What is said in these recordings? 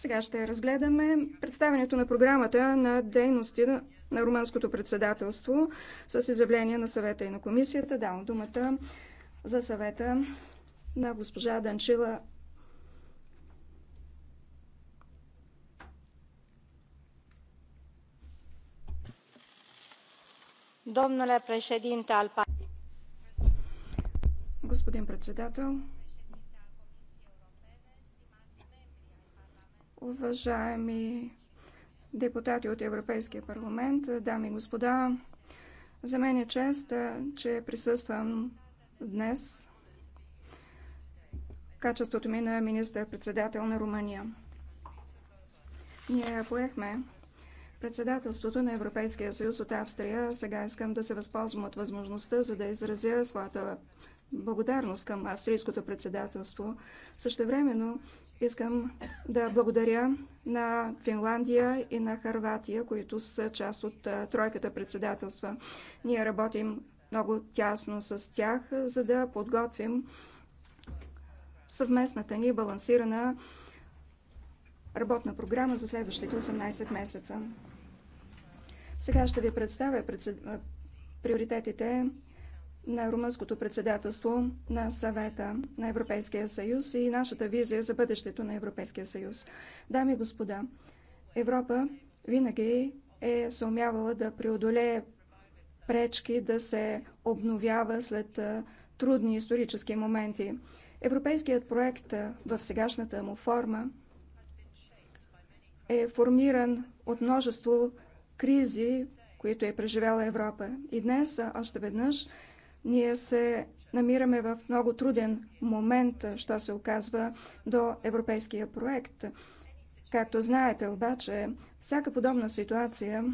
Сега ще разгледаме представянето на програмата на дейности на румънското председателство с изявление на съвета и на комисията. Давам думата за съвета на госпожа Данчила Domnule președinte al Господин председател, уважаеми депутати от Европейския парламент, дами и господа, за мен е чест, че присъствам днес в качеството ми на министър-председател на Румъния. Ние поехме председателството на Европейския съюз от Австрия. Сега искам да се възползвам от възможността, за да изразя своята благодарност към австрийското председателство. времено Искам да благодаря на Финландия и на Харватия, които са част от тройката председателства. Ние работим много тясно с тях, за да подготвим съвместната ни балансирана работна програма за следващите 18 месеца. Сега ще ви представя приоритетите на румънското председателство на съвета на Европейския съюз и нашата визия за бъдещето на Европейския съюз. Дами и господа, Европа винаги е съумявала да преодолее пречки, да се обновява след трудни исторически моменти. Европейският проект в сегашната му форма е формиран от множество кризи, които е преживяла Европа. И днес още веднъж ние се намираме в много труден момент, що се оказва до европейския проект. Както знаете обаче, всяка подобна ситуация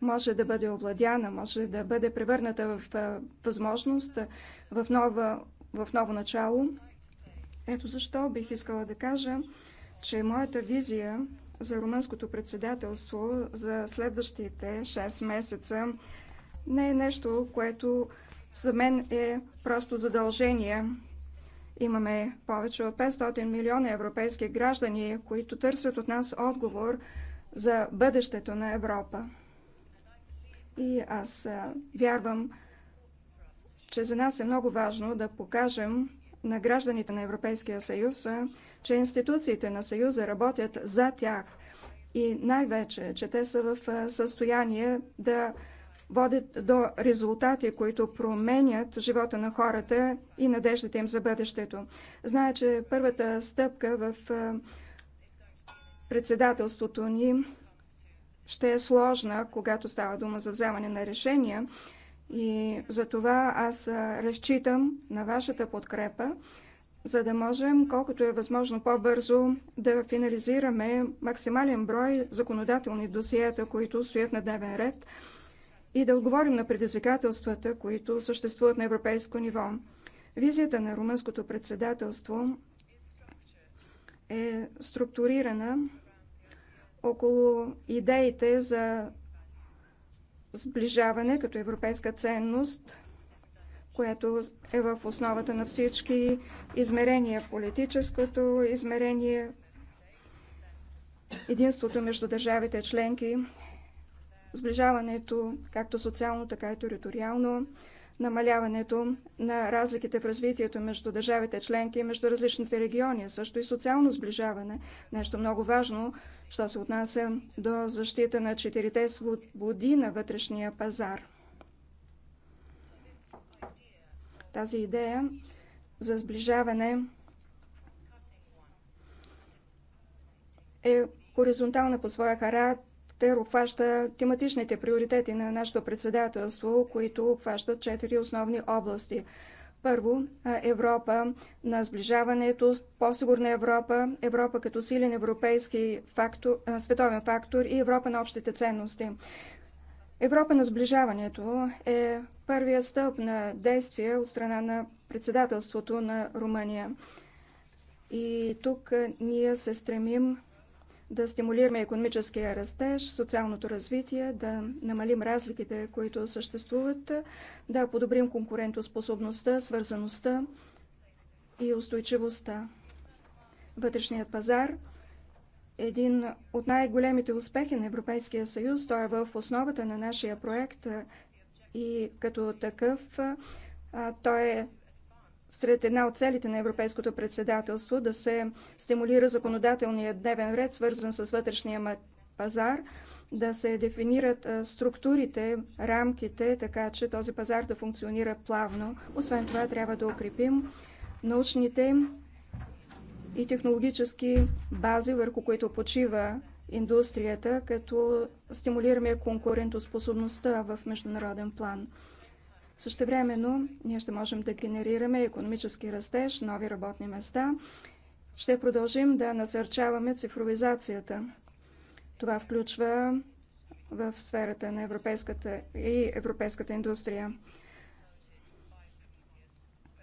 може да бъде овладяна, може да бъде превърната в възможност, в, нова, в ново начало. Ето защо бих искала да кажа, че моята визия за румънското председателство за следващите 6 месеца не е нещо, което за мен е просто задължение. Имаме повече от 500 милиона европейски граждани, които търсят от нас отговор за бъдещето на Европа. И аз вярвам, че за нас е много важно да покажем на гражданите на Европейския съюз, че институциите на съюза работят за тях и най-вече, че те са в състояние да водят до резултати, които променят живота на хората и надеждата им за бъдещето. Зная, че първата стъпка в председателството ни ще е сложна, когато става дума за вземане на решения. И за това аз разчитам на вашата подкрепа, за да можем колкото е възможно по-бързо да финализираме максимален брой законодателни досиета, които стоят на дневен ред – и да отговорим на предизвикателствата, които съществуват на европейско ниво. Визията на румънското председателство е структурирана около идеите за сближаване като европейска ценност, която е в основата на всички измерения, политическото измерение, единството между държавите членки сближаването, както социално, така и териториално, намаляването на разликите в развитието между държавите членки и между различните региони, също и социално сближаване, нещо много важно, що се отнася до защита на четирите свободи на вътрешния пазар. Тази идея за сближаване е хоризонтална по своя характер те обхваща тематичните приоритети на нашето председателство, които обхващат четири основни области. Първо, Европа на сближаването, по-сигурна Европа, Европа като силен европейски фактор, световен фактор и Европа на общите ценности. Европа на сближаването е първия стълб на действие от страна на председателството на Румъния. И тук ние се стремим да стимулираме економическия растеж, социалното развитие, да намалим разликите, които съществуват, да подобрим конкурентоспособността, свързаността и устойчивостта. Вътрешният пазар е един от най-големите успехи на Европейския съюз. Той е в основата на нашия проект и като такъв той е сред една от целите на Европейското председателство да се стимулира законодателния дневен ред, свързан с вътрешния пазар, да се дефинират структурите, рамките, така че този пазар да функционира плавно. Освен това, трябва да укрепим научните и технологически бази, върху които почива индустрията, като стимулираме конкурентоспособността в международен план. Същевременно ние ще можем да генерираме економически растеж, нови работни места. Ще продължим да насърчаваме цифровизацията. Това включва в сферата на европейската и европейската индустрия.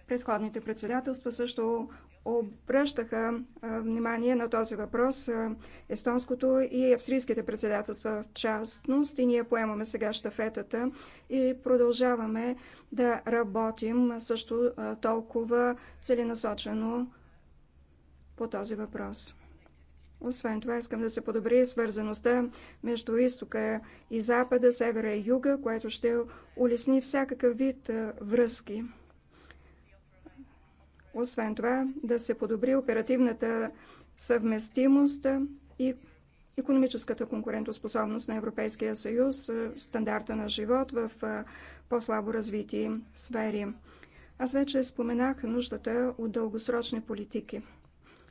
Предходните председателства също обръщаха внимание на този въпрос естонското и австрийските председателства в частност и ние поемаме сега щафетата и продължаваме да работим също толкова целенасочено по този въпрос. Освен това, искам да се подобри свързаността между изтока и запада, севера и юга, което ще улесни всякакъв вид връзки. Освен това, да се подобри оперативната съвместимост и економическата конкурентоспособност на Европейския съюз, е, стандарта на живот в е, по-слабо развити сфери. Аз вече споменах нуждата от дългосрочни политики,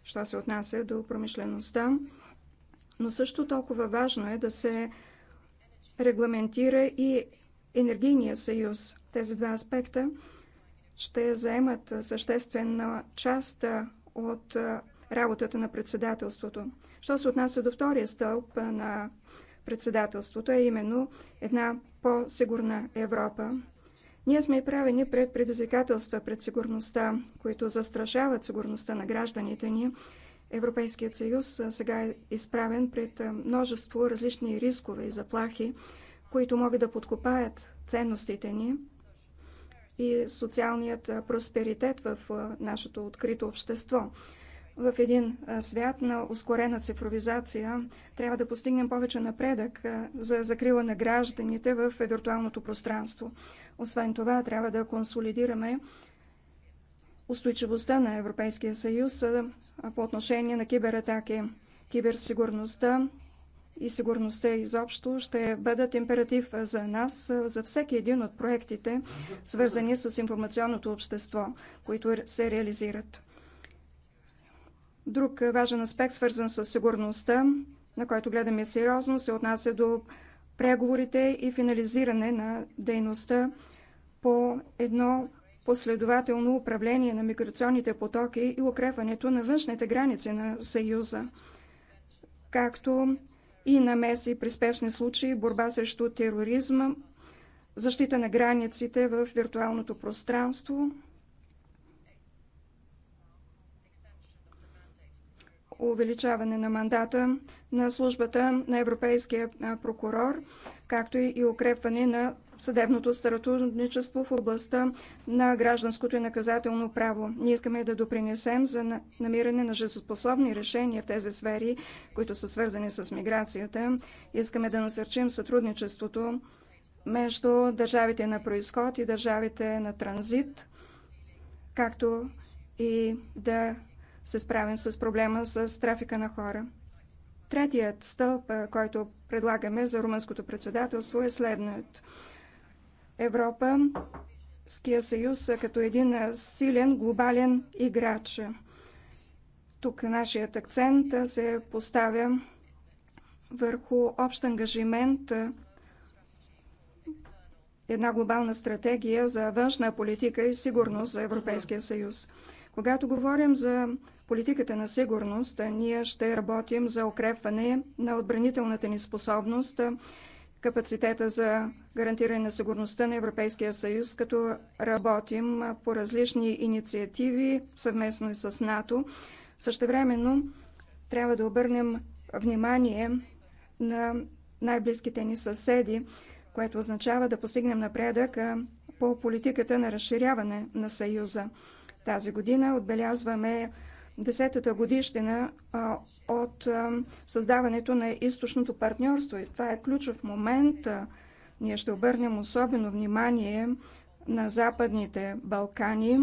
що се отнася до промишлеността, но също толкова важно е да се регламентира и енергийния съюз. Тези два аспекта ще заемат съществена част от работата на председателството. Що се отнася до втория стълб на председателството, е именно една по-сигурна Европа. Ние сме правени пред предизвикателства пред сигурността, които застрашават сигурността на гражданите ни. Европейският съюз сега е изправен пред множество различни рискове и заплахи, които могат да подкопаят ценностите ни – и социалният просперитет в нашето открито общество. В един свят на ускорена цифровизация трябва да постигнем повече напредък за закрила на гражданите в виртуалното пространство. Освен това, трябва да консолидираме устойчивостта на Европейския съюз по отношение на кибератаки. Киберсигурността и сигурността изобщо ще бъдат императив за нас, за всеки един от проектите, свързани с информационното общество, които се реализират. Друг важен аспект, свързан с сигурността, на който гледаме сериозно, се отнася до преговорите и финализиране на дейността по едно последователно управление на миграционните потоки и укрепването на външните граници на Съюза, както и намеси при спешни случаи, борба срещу тероризма, защита на границите в виртуалното пространство, увеличаване на мандата на службата на европейския прокурор, както и укрепване на съдебното сътрудничество в областта на гражданското и наказателно право. Ние искаме да допринесем за намиране на жизнеспособни решения в тези сфери, които са свързани с миграцията. Искаме да насърчим сътрудничеството между държавите на происход и държавите на транзит, както и да се справим с проблема с трафика на хора. Третият стълб, който предлагаме за румънското председателство е следният. Европа Ския съюз като един силен глобален играч. Тук нашият акцент се поставя върху общ ангажимент, една глобална стратегия за външна политика и сигурност за Европейския съюз. Когато говорим за политиката на сигурност ние ще работим за укрепване на отбранителната ни способност, капацитета за гарантиране на сигурността на Европейския съюз, като работим по различни инициативи съвместно и с НАТО. Същевременно трябва да обърнем внимание на най-близките ни съседи, което означава да постигнем напредък по политиката на разширяване на Съюза. Тази година отбелязваме десетата годишнина от създаването на източното партньорство. И това е ключов момент. Ние ще обърнем особено внимание на Западните Балкани.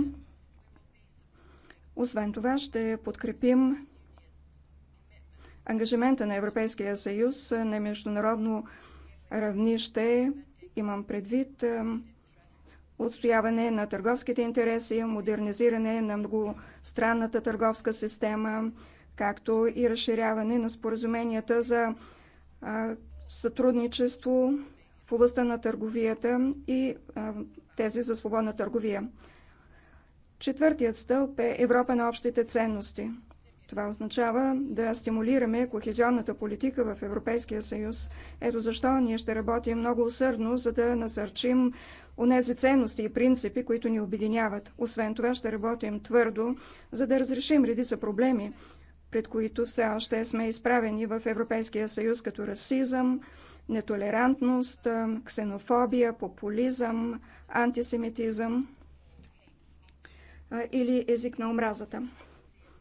Освен това ще подкрепим ангажимента на Европейския съюз на международно равнище. Имам предвид отстояване на търговските интереси, модернизиране на многостранната търговска система, както и разширяване на споразуменията за сътрудничество в областта на търговията и тези за свободна търговия. Четвъртият стълб е Европа на общите ценности. Това означава да стимулираме кохезионната политика в Европейския съюз. Ето защо ние ще работим много усърдно, за да насърчим онези ценности и принципи, които ни обединяват. Освен това ще работим твърдо, за да разрешим редица проблеми, пред които все още сме изправени в Европейския съюз като расизъм, нетолерантност, ксенофобия, популизъм, антисемитизъм или език на омразата.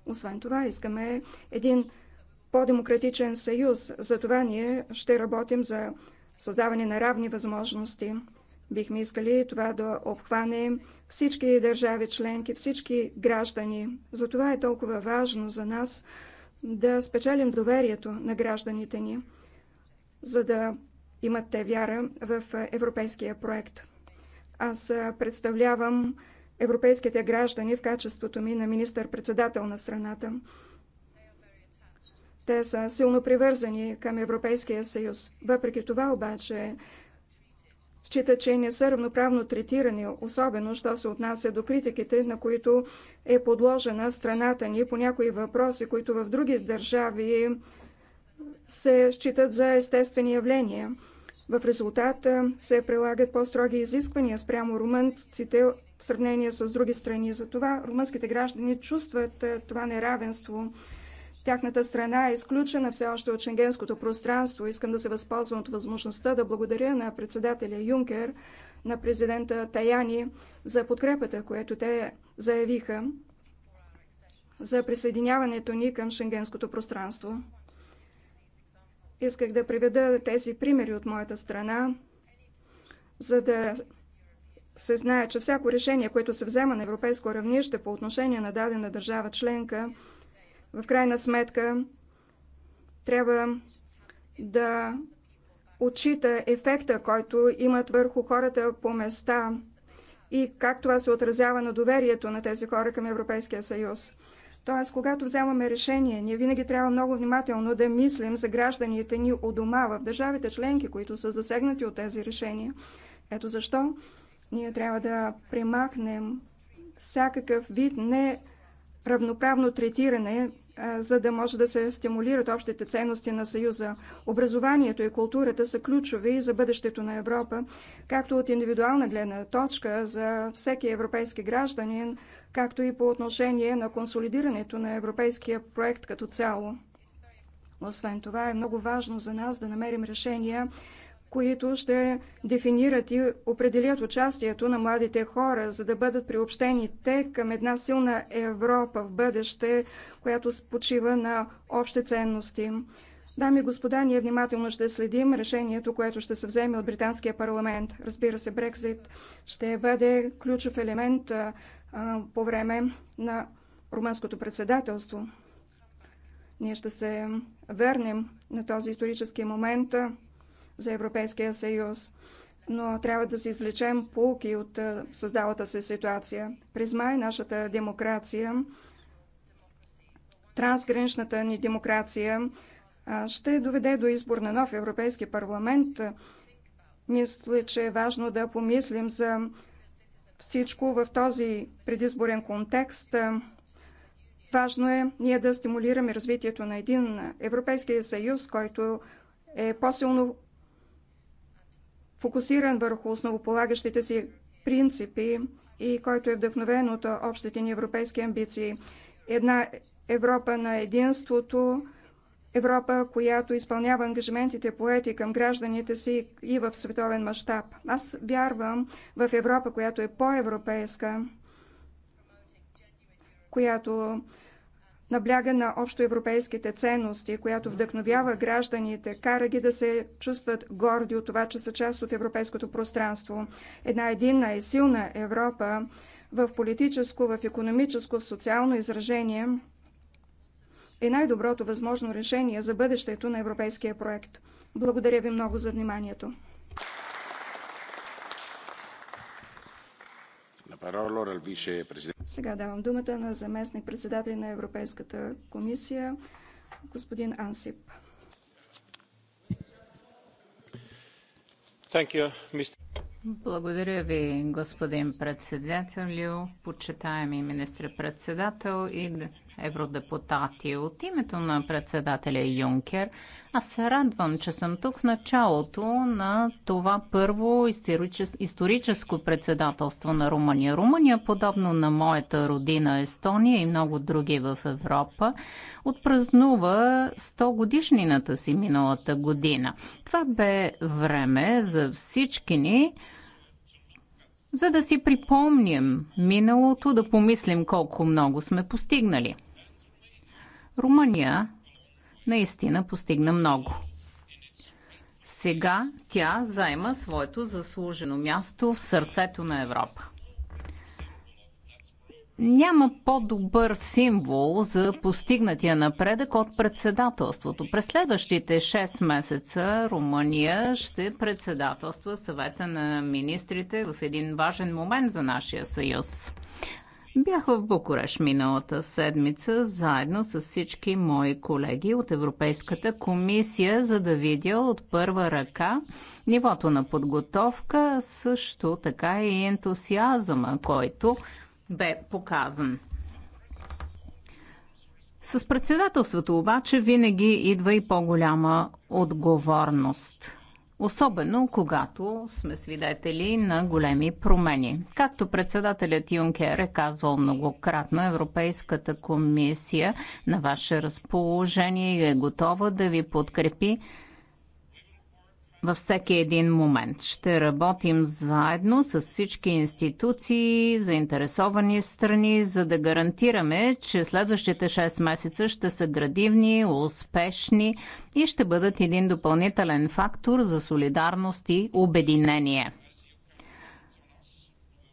Освен това, искаме един по-демократичен съюз. За това ние ще работим за създаване на равни възможности. Бихме искали това да обхване всички държави членки, всички граждани. Затова е толкова важно за нас да спечелим доверието на гражданите ни, за да имат те вяра в европейския проект. Аз представлявам европейските граждани в качеството ми на министър-председател на страната. Те са силно привързани към Европейския съюз. Въпреки това обаче счита, че не са равноправно третирани, особено що се отнася до критиките, на които е подложена страната ни по някои въпроси, които в други държави се считат за естествени явления. В резултат се прилагат по-строги изисквания спрямо румънците в сравнение с други страни. Затова румънските граждани чувстват това неравенство. Тяхната страна е изключена все още от шенгенското пространство. Искам да се възползвам от възможността да благодаря на председателя Юнкер, на президента Таяни за подкрепата, която те заявиха за присъединяването ни към шенгенското пространство. Исках да приведа тези примери от моята страна, за да се знае, че всяко решение, което се взема на европейско равнище по отношение на дадена държава членка, в крайна сметка трябва да отчита ефекта, който имат върху хората по места и как това се отразява на доверието на тези хора към Европейския съюз. Тоест, когато вземаме решение, ние винаги трябва много внимателно да мислим за гражданите ни у дома, в държавите членки, които са засегнати от тези решения. Ето защо ние трябва да премахнем всякакъв вид неравноправно третиране за да може да се стимулират общите ценности на Съюза. Образованието и културата са ключови за бъдещето на Европа, както от индивидуална гледна точка за всеки европейски гражданин, както и по отношение на консолидирането на европейския проект като цяло. Освен това е много важно за нас да намерим решения които ще дефинират и определят участието на младите хора, за да бъдат приобщени те към една силна Европа в бъдеще, която почива на общи ценности. Дами и господа, ние внимателно ще следим решението, което ще се вземе от Британския парламент. Разбира се, Брекзит ще бъде ключов елемент а, а, по време на румънското председателство. Ние ще се върнем на този исторически момент за Европейския съюз. Но трябва да се извлечем полки от създалата се ситуация. През май нашата демокрация, трансграничната ни демокрация, ще доведе до избор на нов Европейски парламент. Мисля, че е важно да помислим за всичко в този предизборен контекст. Важно е ние да стимулираме развитието на един Европейския съюз, който е по-силно фокусиран върху основополагащите си принципи и който е вдъхновен от общите ни европейски амбиции. Една Европа на единството, Европа, която изпълнява ангажиментите поети към гражданите си и в световен мащаб. Аз вярвам в Европа, която е по-европейска, която набляга на общоевропейските ценности, която вдъхновява гражданите, кара ги да се чувстват горди от това, че са част от европейското пространство. Една единна и силна Европа в политическо, в економическо, в социално изражение е най-доброто възможно решение за бъдещето на европейския проект. Благодаря ви много за вниманието. Сега давам думата на заместник председателя на Европейската комисия, господин Ансип. Благодаря ви, господин председател, почитаеми министр-председател и евродепутати. От името на председателя Юнкер, аз се радвам, че съм тук в началото на това първо историческо председателство на Румъния. Румъния, подобно на моята родина Естония и много други в Европа, отпразнува 100 годишнината си миналата година. Това бе време за всички ни за да си припомним миналото, да помислим колко много сме постигнали – Румъния наистина постигна много. Сега тя заема своето заслужено място в сърцето на Европа. Няма по-добър символ за постигнатия напредък от председателството. През следващите 6 месеца Румъния ще председателства съвета на министрите в един важен момент за нашия съюз. Бях в Букуреш миналата седмица заедно с всички мои колеги от Европейската комисия, за да видя от първа ръка нивото на подготовка, също така и ентусиазма, който бе показан. С председателството обаче винаги идва и по-голяма отговорност особено когато сме свидетели на големи промени. Както председателят Юнкер е казвал многократно, Европейската комисия на ваше разположение е готова да ви подкрепи във всеки един момент. Ще работим заедно с всички институции, заинтересовани страни, за да гарантираме, че следващите 6 месеца ще са градивни, успешни и ще бъдат един допълнителен фактор за солидарност и обединение.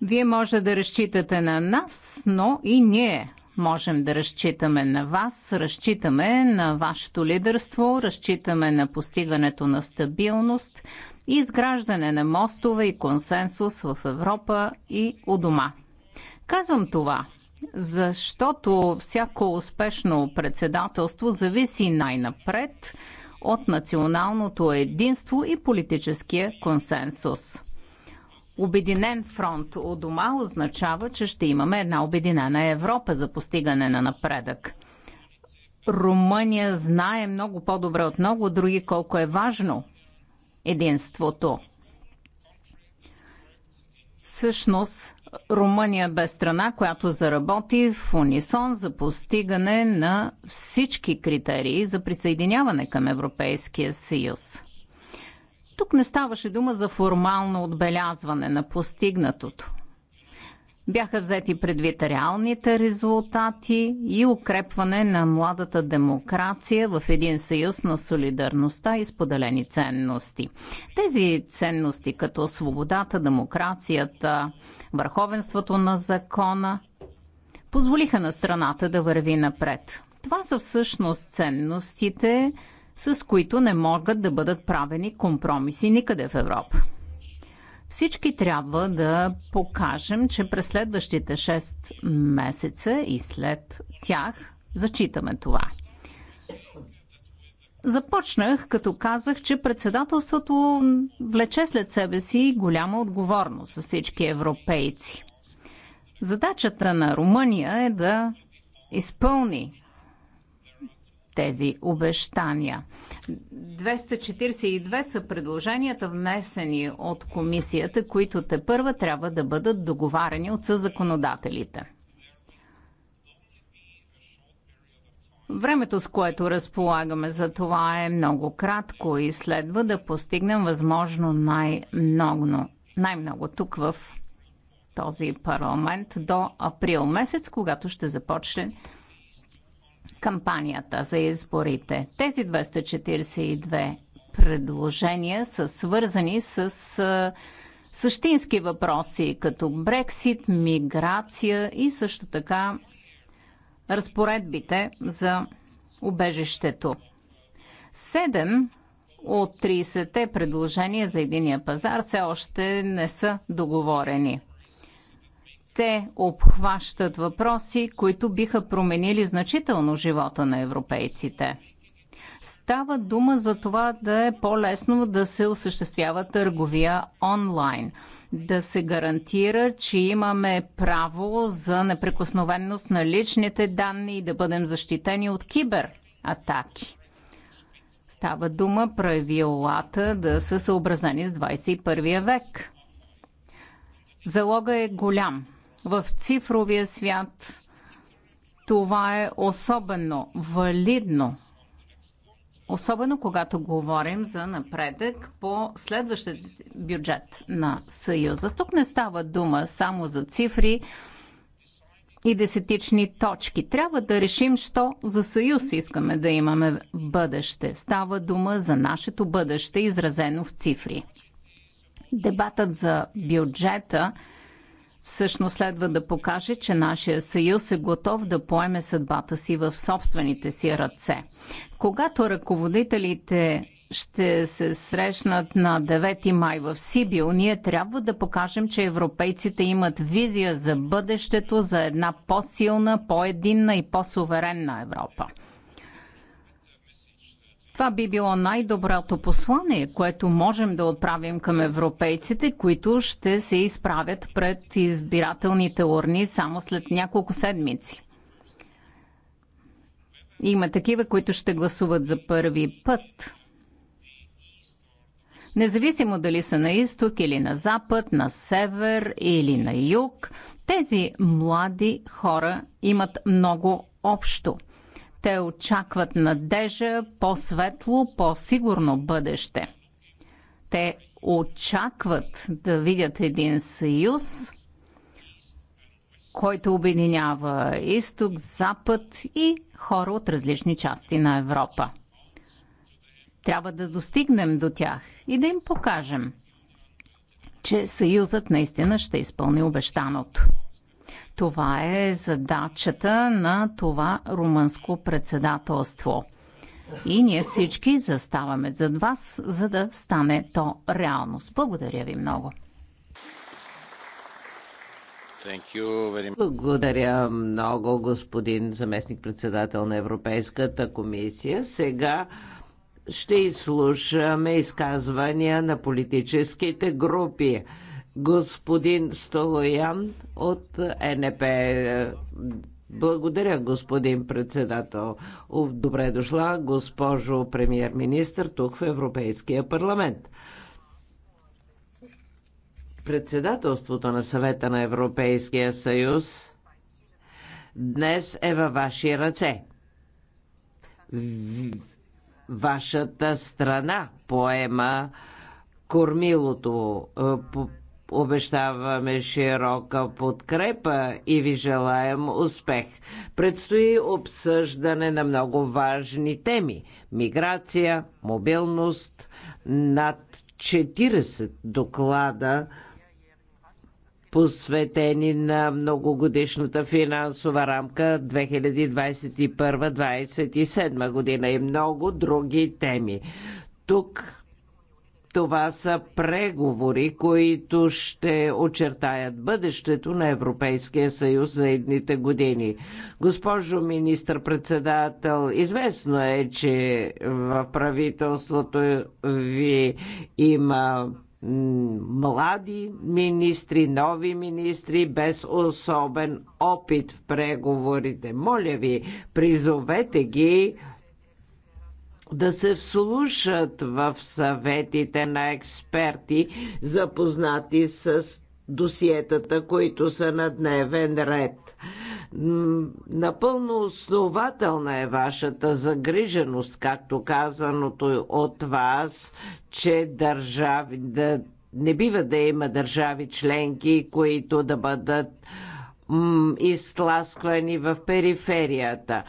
Вие може да разчитате на нас, но и ние можем да разчитаме на вас, разчитаме на вашето лидерство, разчитаме на постигането на стабилност и изграждане на мостове и консенсус в Европа и у дома. Казвам това, защото всяко успешно председателство зависи най-напред от националното единство и политическия консенсус. Обединен фронт у дома означава, че ще имаме една обединена Европа за постигане на напредък. Румъния знае много по-добре от много други колко е важно единството. Всъщност, Румъния бе страна, която заработи в унисон за постигане на всички критерии за присъединяване към Европейския съюз. Тук не ставаше дума за формално отбелязване на постигнатото. Бяха взети предвид реалните резултати и укрепване на младата демокрация в един съюз на солидарността и споделени ценности. Тези ценности като свободата, демокрацията, върховенството на закона позволиха на страната да върви напред. Това са всъщност ценностите, с които не могат да бъдат правени компромиси никъде в Европа. Всички трябва да покажем, че през следващите 6 месеца и след тях зачитаме това. Започнах, като казах, че председателството влече след себе си голяма отговорност за всички европейци. Задачата на Румъния е да изпълни тези обещания. 242 са предложенията внесени от комисията, които те първа трябва да бъдат договарени от съзаконодателите. Времето, с което разполагаме за това е много кратко и следва да постигнем възможно най-много, най-много тук в този парламент до април месец, когато ще започне кампанията за изборите. Тези 242 предложения са свързани с същински въпроси, като Брексит, миграция и също така разпоредбите за убежището. Седем от 30-те предложения за единия пазар все още не са договорени. Те обхващат въпроси, които биха променили значително живота на европейците. Става дума за това да е по-лесно да се осъществява търговия онлайн, да се гарантира, че имаме право за неприкосновеност на личните данни и да бъдем защитени от кибератаки. Става дума правилата да са съобразени с 21 век. Залога е голям – в цифровия свят това е особено валидно. Особено когато говорим за напредък по следващия бюджет на Съюза. Тук не става дума само за цифри и десетични точки. Трябва да решим, що за съюз искаме да имаме бъдеще. Става дума за нашето бъдеще, изразено в цифри. Дебатът за бюджета – всъщност следва да покаже, че нашия съюз е готов да поеме съдбата си в собствените си ръце. Когато ръководителите ще се срещнат на 9 май в Сибил, ние трябва да покажем, че европейците имат визия за бъдещето, за една по-силна, по-единна и по-суверенна Европа. Това би било най-доброто послание, което можем да отправим към европейците, които ще се изправят пред избирателните урни само след няколко седмици. Има такива, които ще гласуват за първи път. Независимо дали са на изток или на запад, на север или на юг, тези млади хора имат много общо – те очакват надежда по-светло, по-сигурно бъдеще. Те очакват да видят един съюз, който обединява изток, запад и хора от различни части на Европа. Трябва да достигнем до тях и да им покажем, че съюзът наистина ще изпълни обещаното. Това е задачата на това румънско председателство. И ние всички заставаме зад вас, за да стане то реалност. Благодаря ви много. Благодаря много, господин заместник-председател на Европейската комисия. Сега ще изслушаме изказвания на политическите групи господин Столоян от НП. Благодаря, господин председател. Добре дошла, госпожо премьер-министр, тук в Европейския парламент. Председателството на съвета на Европейския съюз днес е във ваши ръце. Вашата страна поема кормилото, е, Обещаваме широка подкрепа и ви желаем успех. Предстои обсъждане на много важни теми миграция, мобилност, над 40 доклада посветени на многогодишната финансова рамка 2021-2027 година и много други теми. Тук това са преговори, които ще очертаят бъдещето на Европейския съюз за едните години. Госпожо министр-председател, известно е, че в правителството ви има млади министри, нови министри без особен опит в преговорите. Моля ви, призовете ги да се вслушат в съветите на експерти, запознати с досиетата, които са на дневен ред. Напълно основателна е вашата загриженост, както казаното от вас, че държави, да, не бива да има държави членки, които да бъдат изтласквани в периферията.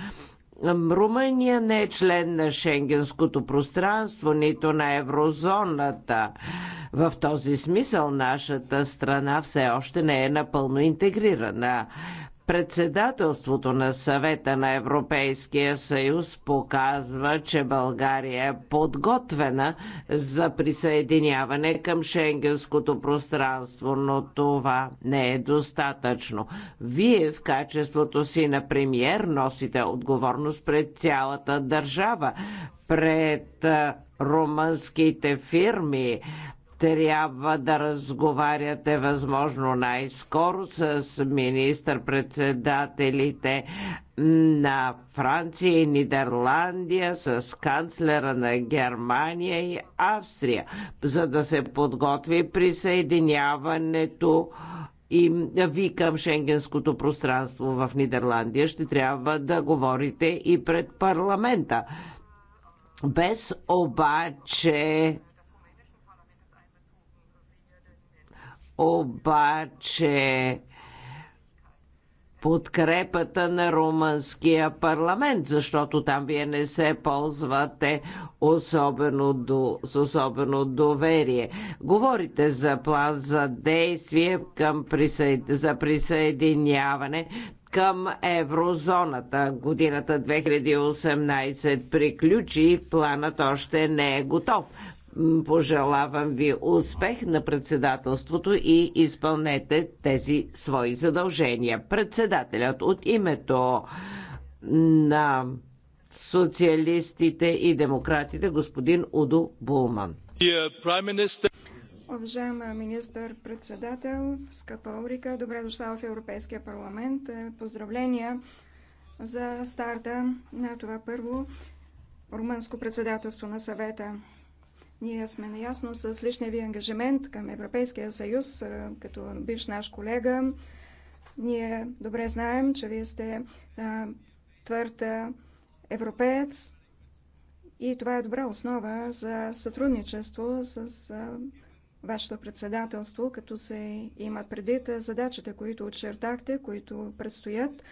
Румъния не е член на шенгенското пространство, нито на еврозоната. В този смисъл нашата страна все още не е напълно интегрирана. Председателството на съвета на Европейския съюз показва, че България е подготвена за присъединяване към шенгенското пространство, но това не е достатъчно. Вие в качеството си на премьер носите отговорност пред цялата държава, пред румънските фирми, трябва да разговаряте възможно най-скоро с министър-председателите на Франция и Нидерландия, с канцлера на Германия и Австрия, за да се подготви присъединяването и ви към шенгенското пространство в Нидерландия ще трябва да говорите и пред парламента. Без обаче обаче подкрепата на румънския парламент, защото там вие не се ползвате особено до, с особено доверие. Говорите за план за действие към присъед... за присъединяване към еврозоната. Годината 2018 приключи, планът още не е готов. Пожелавам ви успех на председателството и изпълнете тези свои задължения. Председателят от името на социалистите и демократите господин Удо Булман. Уважаема министър-председател, скъпа Орика, добре дошла в Европейския парламент. Поздравления за старта на това първо румънско председателство на съвета. Ние сме наясно с личния ви ангажимент към Европейския съюз, като бивш наш колега. Ние добре знаем, че вие сте твърд европеец и това е добра основа за сътрудничество с вашето председателство, като се имат предвид задачите, които очертахте, които предстоят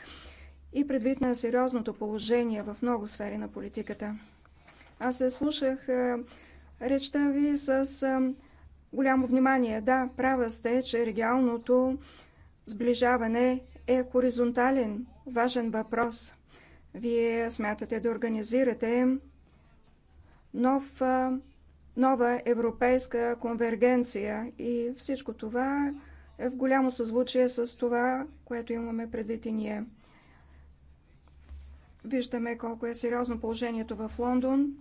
и предвид на сериозното положение в много сфери на политиката. Аз се слушах Речта ви с голямо внимание. Да, права сте, че регионалното сближаване е хоризонтален, важен въпрос. Вие смятате да организирате нов, нова европейска конвергенция и всичко това е в голямо съзвучие с това, което имаме предвид и ние. Виждаме колко е сериозно положението в Лондон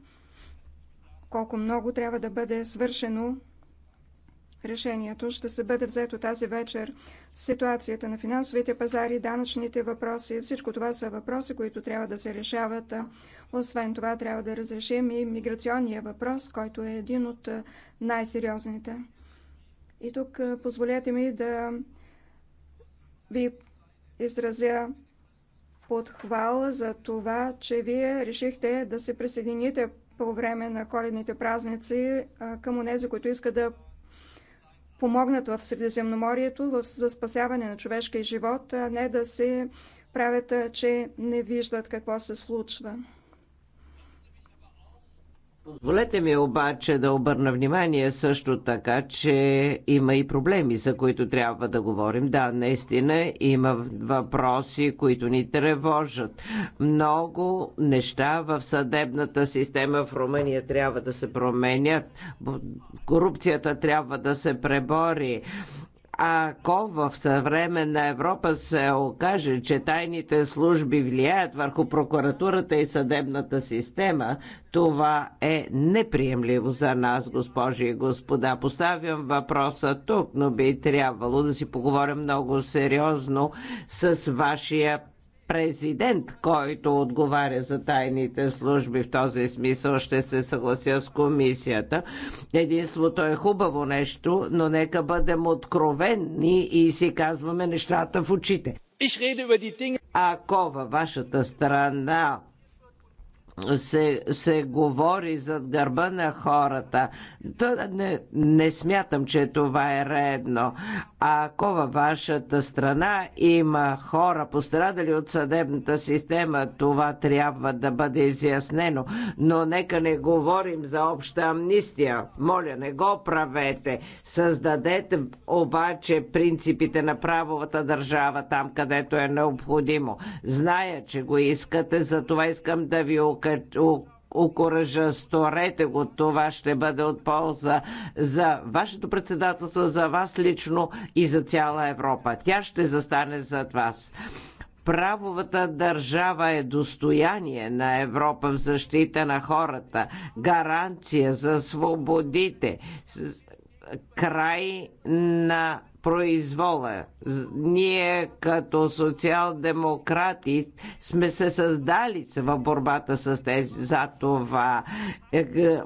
колко много трябва да бъде свършено. Решението ще се бъде взето тази вечер. Ситуацията на финансовите пазари, данъчните въпроси, всичко това са въпроси, които трябва да се решават. Освен това, трябва да разрешим и миграционния въпрос, който е един от най-сериозните. И тук позволете ми да ви изразя подхвал за това, че вие решихте да се присъедините по време на коледните празници към онези, които искат да помогнат в Средиземноморието за спасяване на човешкия живот, а не да се правят, че не виждат какво се случва. Позволете ми обаче да обърна внимание също така, че има и проблеми, за които трябва да говорим. Да, наистина има въпроси, които ни тревожат. Много неща в съдебната система в Румъния трябва да се променят. Корупцията трябва да се пребори ако в съвременна Европа се окаже, че тайните служби влияят върху прокуратурата и съдебната система, това е неприемливо за нас, госпожи и господа. Поставям въпроса тук, но би трябвало да си поговорим много сериозно с вашия президент, който отговаря за тайните служби. В този смисъл ще се съглася с комисията. Единството е хубаво нещо, но нека бъдем откровени и си казваме нещата в очите. Ако във вашата страна се, се говори зад гърба на хората. То не, не смятам, че това е редно. А ако във вашата страна има хора пострадали от съдебната система, това трябва да бъде изяснено. Но нека не говорим за обща амнистия. Моля, не го правете. Създадете обаче принципите на правовата държава там, където е необходимо. Зная, че го искате, за това искам да ви окоръжа, сторете го, това ще бъде от полза за вашето председателство, за вас лично и за цяла Европа. Тя ще застане зад вас. Правовата държава е достояние на Европа в защита на хората, гаранция за свободите, край на произвола. Ние като социал-демократи сме се създали в борбата с тези за това. Е, е,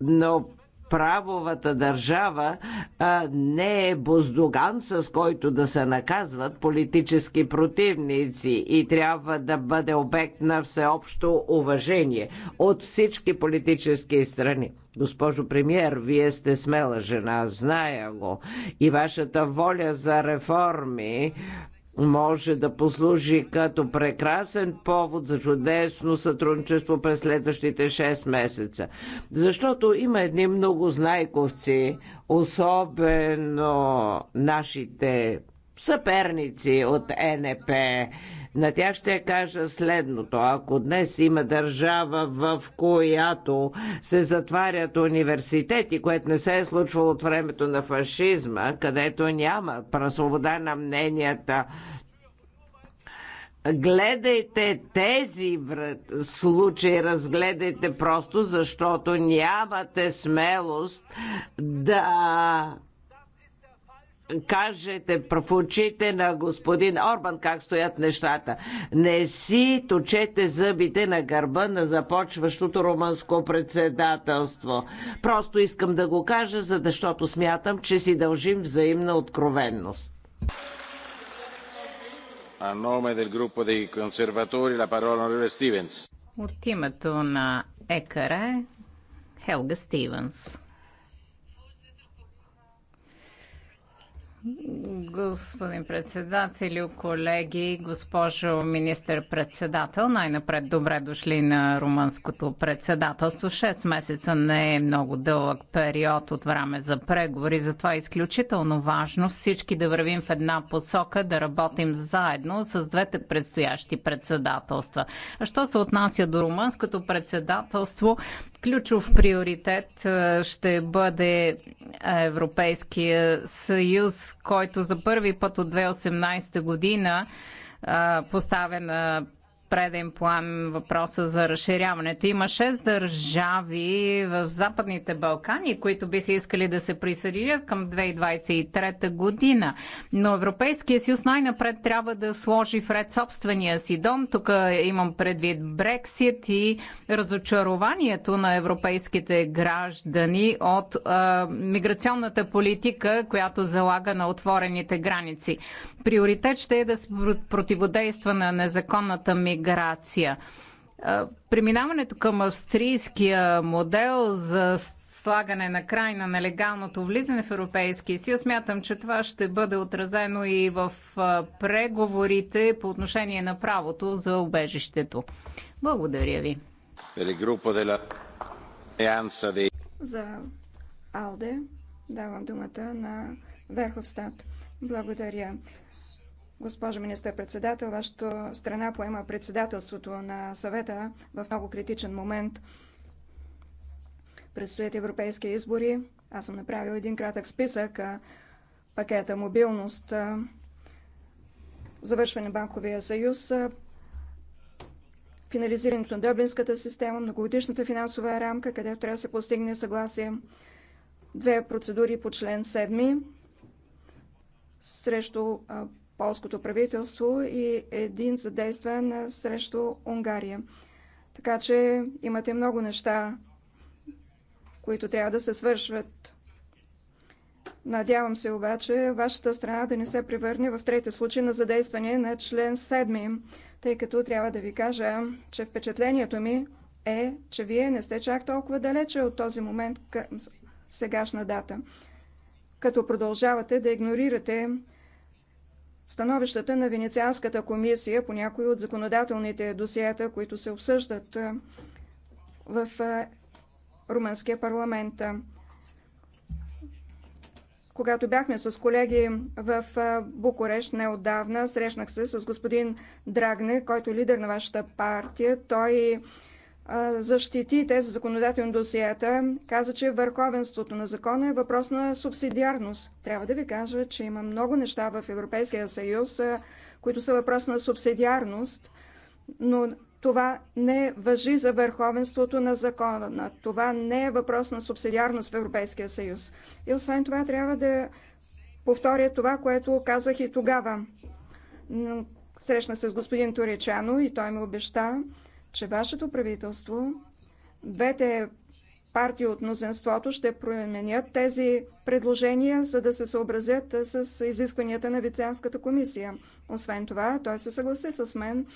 но правовата държава а, не е боздоган, с който да се наказват политически противници и трябва да бъде обект на всеобщо уважение от всички политически страни. Госпожо премьер, вие сте смела жена, зная го. И вашата воля за реформи може да послужи като прекрасен повод за чудесно сътрудничество през следващите 6 месеца. Защото има едни много знайковци, особено нашите съперници от НП на тях ще кажа следното. Ако днес има държава, в която се затварят университети, което не се е случвало от времето на фашизма, където няма свобода на мненията, гледайте тези случаи, разгледайте просто, защото нямате смелост да кажете в очите на господин Орбан как стоят нещата. Не си точете зъбите на гърба на започващото румънско председателство. Просто искам да го кажа, за да, защото смятам, че си дължим взаимна откровенност. А номе del gruppo dei консерватори la parola onorevole От името на ЕКР Хелга Стивенс. Господин председател, колеги, госпожо министър-председател, най-напред добре дошли на румънското председателство. Шест месеца не е много дълъг период от време за преговори, затова е изключително важно всички да вървим в една посока, да работим заедно с двете предстоящи председателства. А що се отнася до румънското председателство, Ключов приоритет ще бъде Европейския съюз, който за първи път от 2018 година поставя на преден план въпроса за разширяването. Има шест държави в Западните Балкани, които биха искали да се присъединят към 2023 година. Но Европейския съюз най-напред трябва да сложи вред собствения си дом. Тук имам предвид Брексит и разочарованието на европейските граждани от а, миграционната политика, която залага на отворените граници. Приоритет ще е да се противодейства на незаконната миграция миграция. Преминаването към австрийския модел за слагане на край на нелегалното влизане в Европейския съюз. Смятам, че това ще бъде отразено и в преговорите по отношение на правото за убежището. Благодаря ви. Е, за Алде давам думата на Верховстат. Благодаря. Госпожо министър-председател, вашата страна поема председателството на съвета в много критичен момент. Предстоят европейски избори. Аз съм направил един кратък списък. Пакета мобилност, завършване на банковия съюз, финализирането на Дъблинската система, многогодишната финансова рамка, където трябва да се постигне съгласие, две процедури по член 7 срещу полското правителство и един задействан срещу Унгария. Така че имате много неща, които трябва да се свършват. Надявам се обаче вашата страна да не се превърне в трети случай на задействане на член 7, тъй като трябва да ви кажа, че впечатлението ми е, че вие не сте чак толкова далече от този момент към сегашна дата, като продължавате да игнорирате становищата на Венецианската комисия по някои от законодателните досиета, които се обсъждат в румънския парламент. Когато бяхме с колеги в Букурещ неотдавна, срещнах се с господин Драгне, който е лидер на вашата партия. Той защити тези законодателни досията, каза, че върховенството на закона е въпрос на субсидиарност. Трябва да ви кажа, че има много неща в Европейския съюз, които са въпрос на субсидиарност, но това не въжи за върховенството на закона. Това не е въпрос на субсидиарност в Европейския съюз. И освен това трябва да повторя това, което казах и тогава. Срещна се с господин Торичано и той ми обеща, че вашето правителство, двете партии от мнозинството ще променят тези предложения, за да се съобразят с изискванията на Вицианската комисия. Освен това, той се съгласи с мен,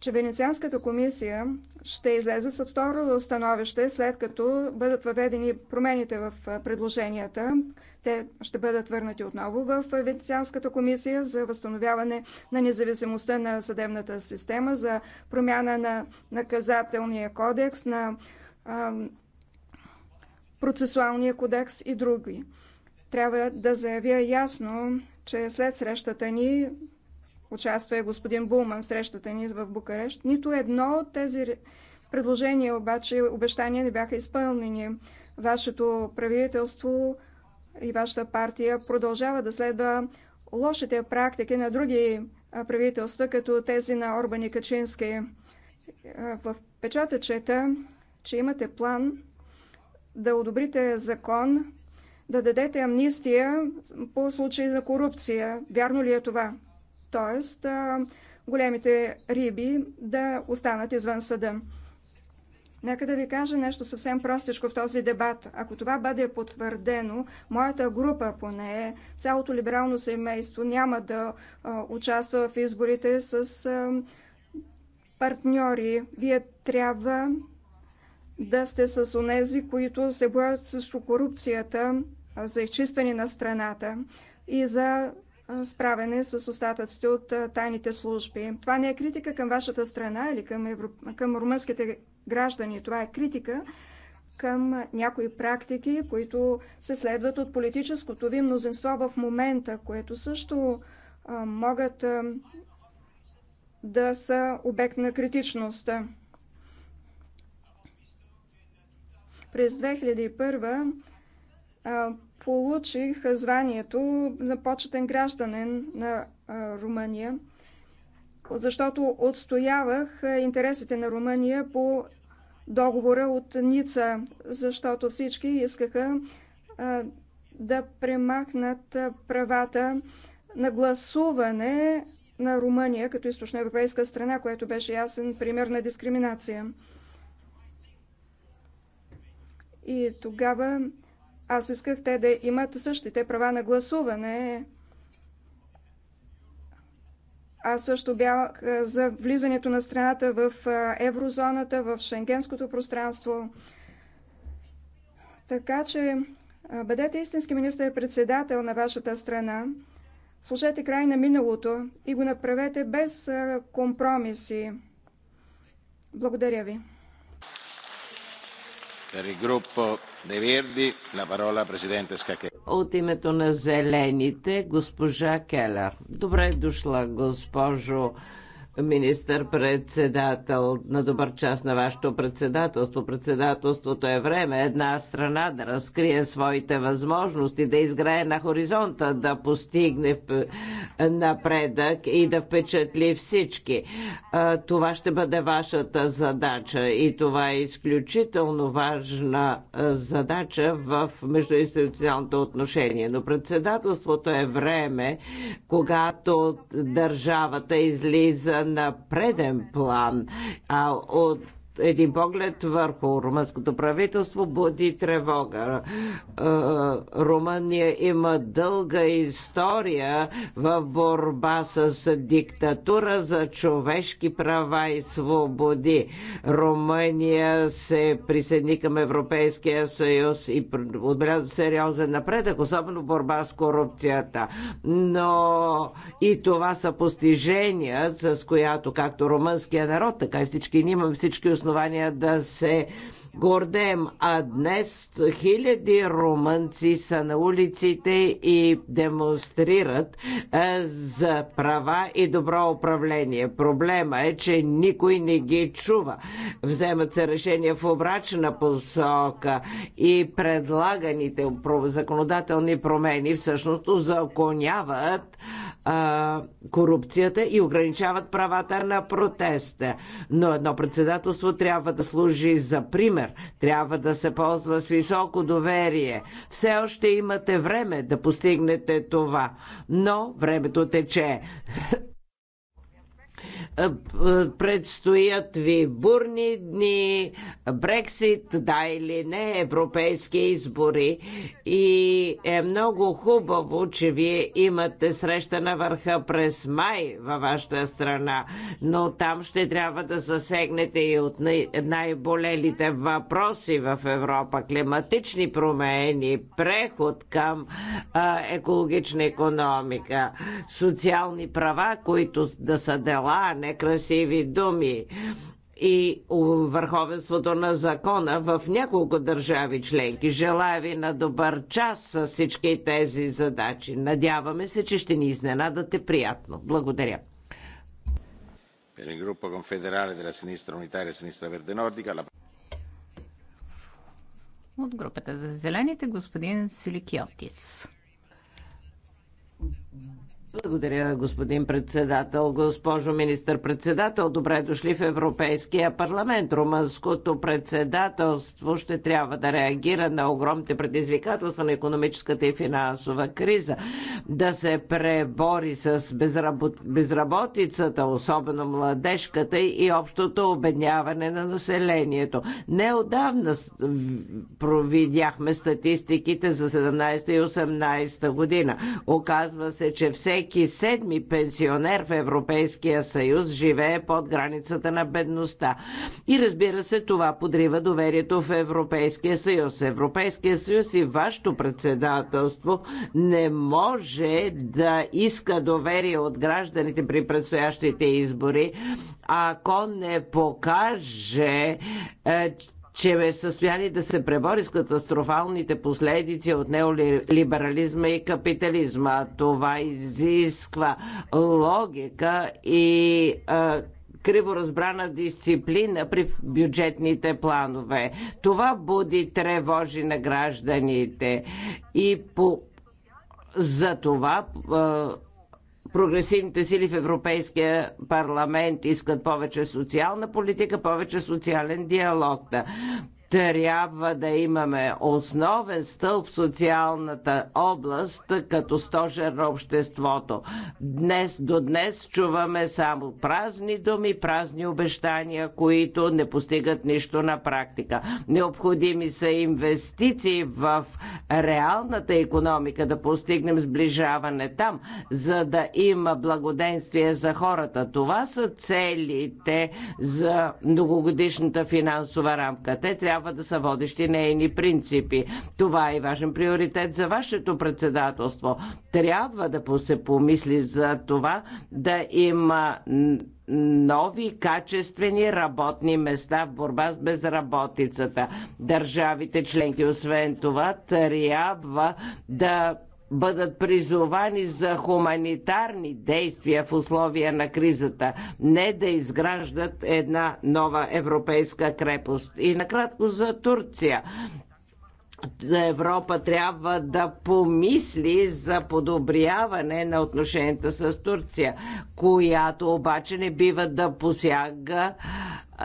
че Венецианската комисия ще излезе с второ становище, след като бъдат въведени промените в предложенията. Те ще бъдат върнати отново в Венецианската комисия за възстановяване на независимостта на съдебната система, за промяна на наказателния кодекс, на а, процесуалния кодекс и други. Трябва да заявя ясно, че след срещата ни участва е господин Булман в срещата ни в Букарещ. Нито едно от тези предложения обаче обещания не бяха изпълнени. Вашето правителство и вашата партия продължава да следва лошите практики на други правителства, като тези на Орбани Качински. В печата чета, че имате план да одобрите закон, да дадете амнистия по случаи на корупция. Вярно ли е това? т.е. големите риби да останат извън съда. Нека да ви кажа нещо съвсем простичко в този дебат. Ако това бъде потвърдено, моята група поне, цялото либерално семейство няма да а, участва в изборите с а, партньори. Вие трябва да сте с онези, които се боят срещу корупцията, а, за изчистване на страната и за справяне с остатъците от тайните служби. Това не е критика към вашата страна или към, евро... към румънските граждани. Това е критика към някои практики, които се следват от политическото ви мнозинство в момента, което също а, могат а, да са обект на критичност. През 2001 а, получих званието на почетен гражданин на Румъния, защото отстоявах интересите на Румъния по договора от Ница, защото всички искаха да премахнат правата на гласуване на Румъния като източноевропейска страна, което беше ясен пример на дискриминация. И тогава аз исках те да имат същите права на гласуване. Аз също бях за влизането на страната в еврозоната, в шенгенското пространство. Така че бъдете истински министър-председател на вашата страна. Служете край на миналото и го направете без компромиси. Благодаря ви. От името на зелените, госпожа Келер. Добре дошла, госпожо министър-председател на добър част на вашето председателство. Председателството е време една страна да разкрие своите възможности, да изграе на хоризонта, да постигне напредък и да впечатли всички. Това ще бъде вашата задача и това е изключително важна задача в междуинституционалното отношение. Но председателството е време, когато държавата излиза на преден план, а от един поглед върху румънското правителство буди тревога. Е, Румъния има дълга история в борба с диктатура за човешки права и свободи. Румъния се присъедини към Европейския съюз и отбеляза сериозен напредък, особено борба с корупцията. Но и това са постижения, с която както румънския народ, така и всички ние имаме всички основания основания да се гордеем, а днес хиляди румънци са на улиците и демонстрират е, за права и добро управление. Проблема е, че никой не ги чува. Вземат се решения в обрачна посока и предлаганите законодателни промени всъщност законяват е, корупцията и ограничават правата на протеста. Но едно председателство трябва да служи за пример пример. Трябва да се ползва с високо доверие. Все още имате време да постигнете това, но времето тече. Е, е, предстоят ви бурни дни, Брексит, да или не, европейски избори. И е много хубаво, че вие имате среща на върха през май във вашата страна, но там ще трябва да засегнете и от най-болелите въпроси в Европа. Климатични промени, преход към а, екологична економика, социални права, които да са дела, некрасиви думи и върховенството на закона в няколко държави членки. Желая ви на добър час с всички тези задачи. Надяваме се, че ще ни изненадате приятно. Благодаря. E От групата за зелените господин Силикиотис. Благодаря, господин председател. Госпожо министър-председател, добре дошли в Европейския парламент. Румънското председателство ще трябва да реагира на огромните предизвикателства на економическата и финансова криза, да се пребори с безработ... безработицата, особено младежката и общото обедняване на населението. Неодавна провидяхме статистиките за 17 и 18 година. Оказва се, че всеки всеки седми пенсионер в Европейския съюз живее под границата на бедността. И разбира се, това подрива доверието в Европейския съюз. Европейския съюз и вашето председателство не може да иска доверие от гражданите при предстоящите избори, ако не покаже, е, че е в състояние да се пребори с катастрофалните последици от неолиберализма и капитализма. Това изисква логика и а, криворазбрана дисциплина при бюджетните планове. Това буди тревожи на гражданите и по за това а, прогресивните сили в Европейския парламент искат повече социална политика, повече социален диалог. Трябва да имаме основен стълб в социалната област като стожер на обществото. Днес до днес чуваме само празни думи, празни обещания, които не постигат нищо на практика. Необходими са инвестиции в реалната економика, да постигнем сближаване там, за да има благоденствие за хората. Това са целите за многогодишната финансова рамка. Те трябва трябва да са водещи нейни принципи. Това е важен приоритет за вашето председателство. Трябва да се помисли за това да има нови качествени работни места в борба с безработицата. Държавите членки, освен това, трябва да бъдат призовани за хуманитарни действия в условия на кризата, не да изграждат една нова европейска крепост. И накратко за Турция. Европа трябва да помисли за подобряване на отношенията с Турция, която обаче не бива да посяга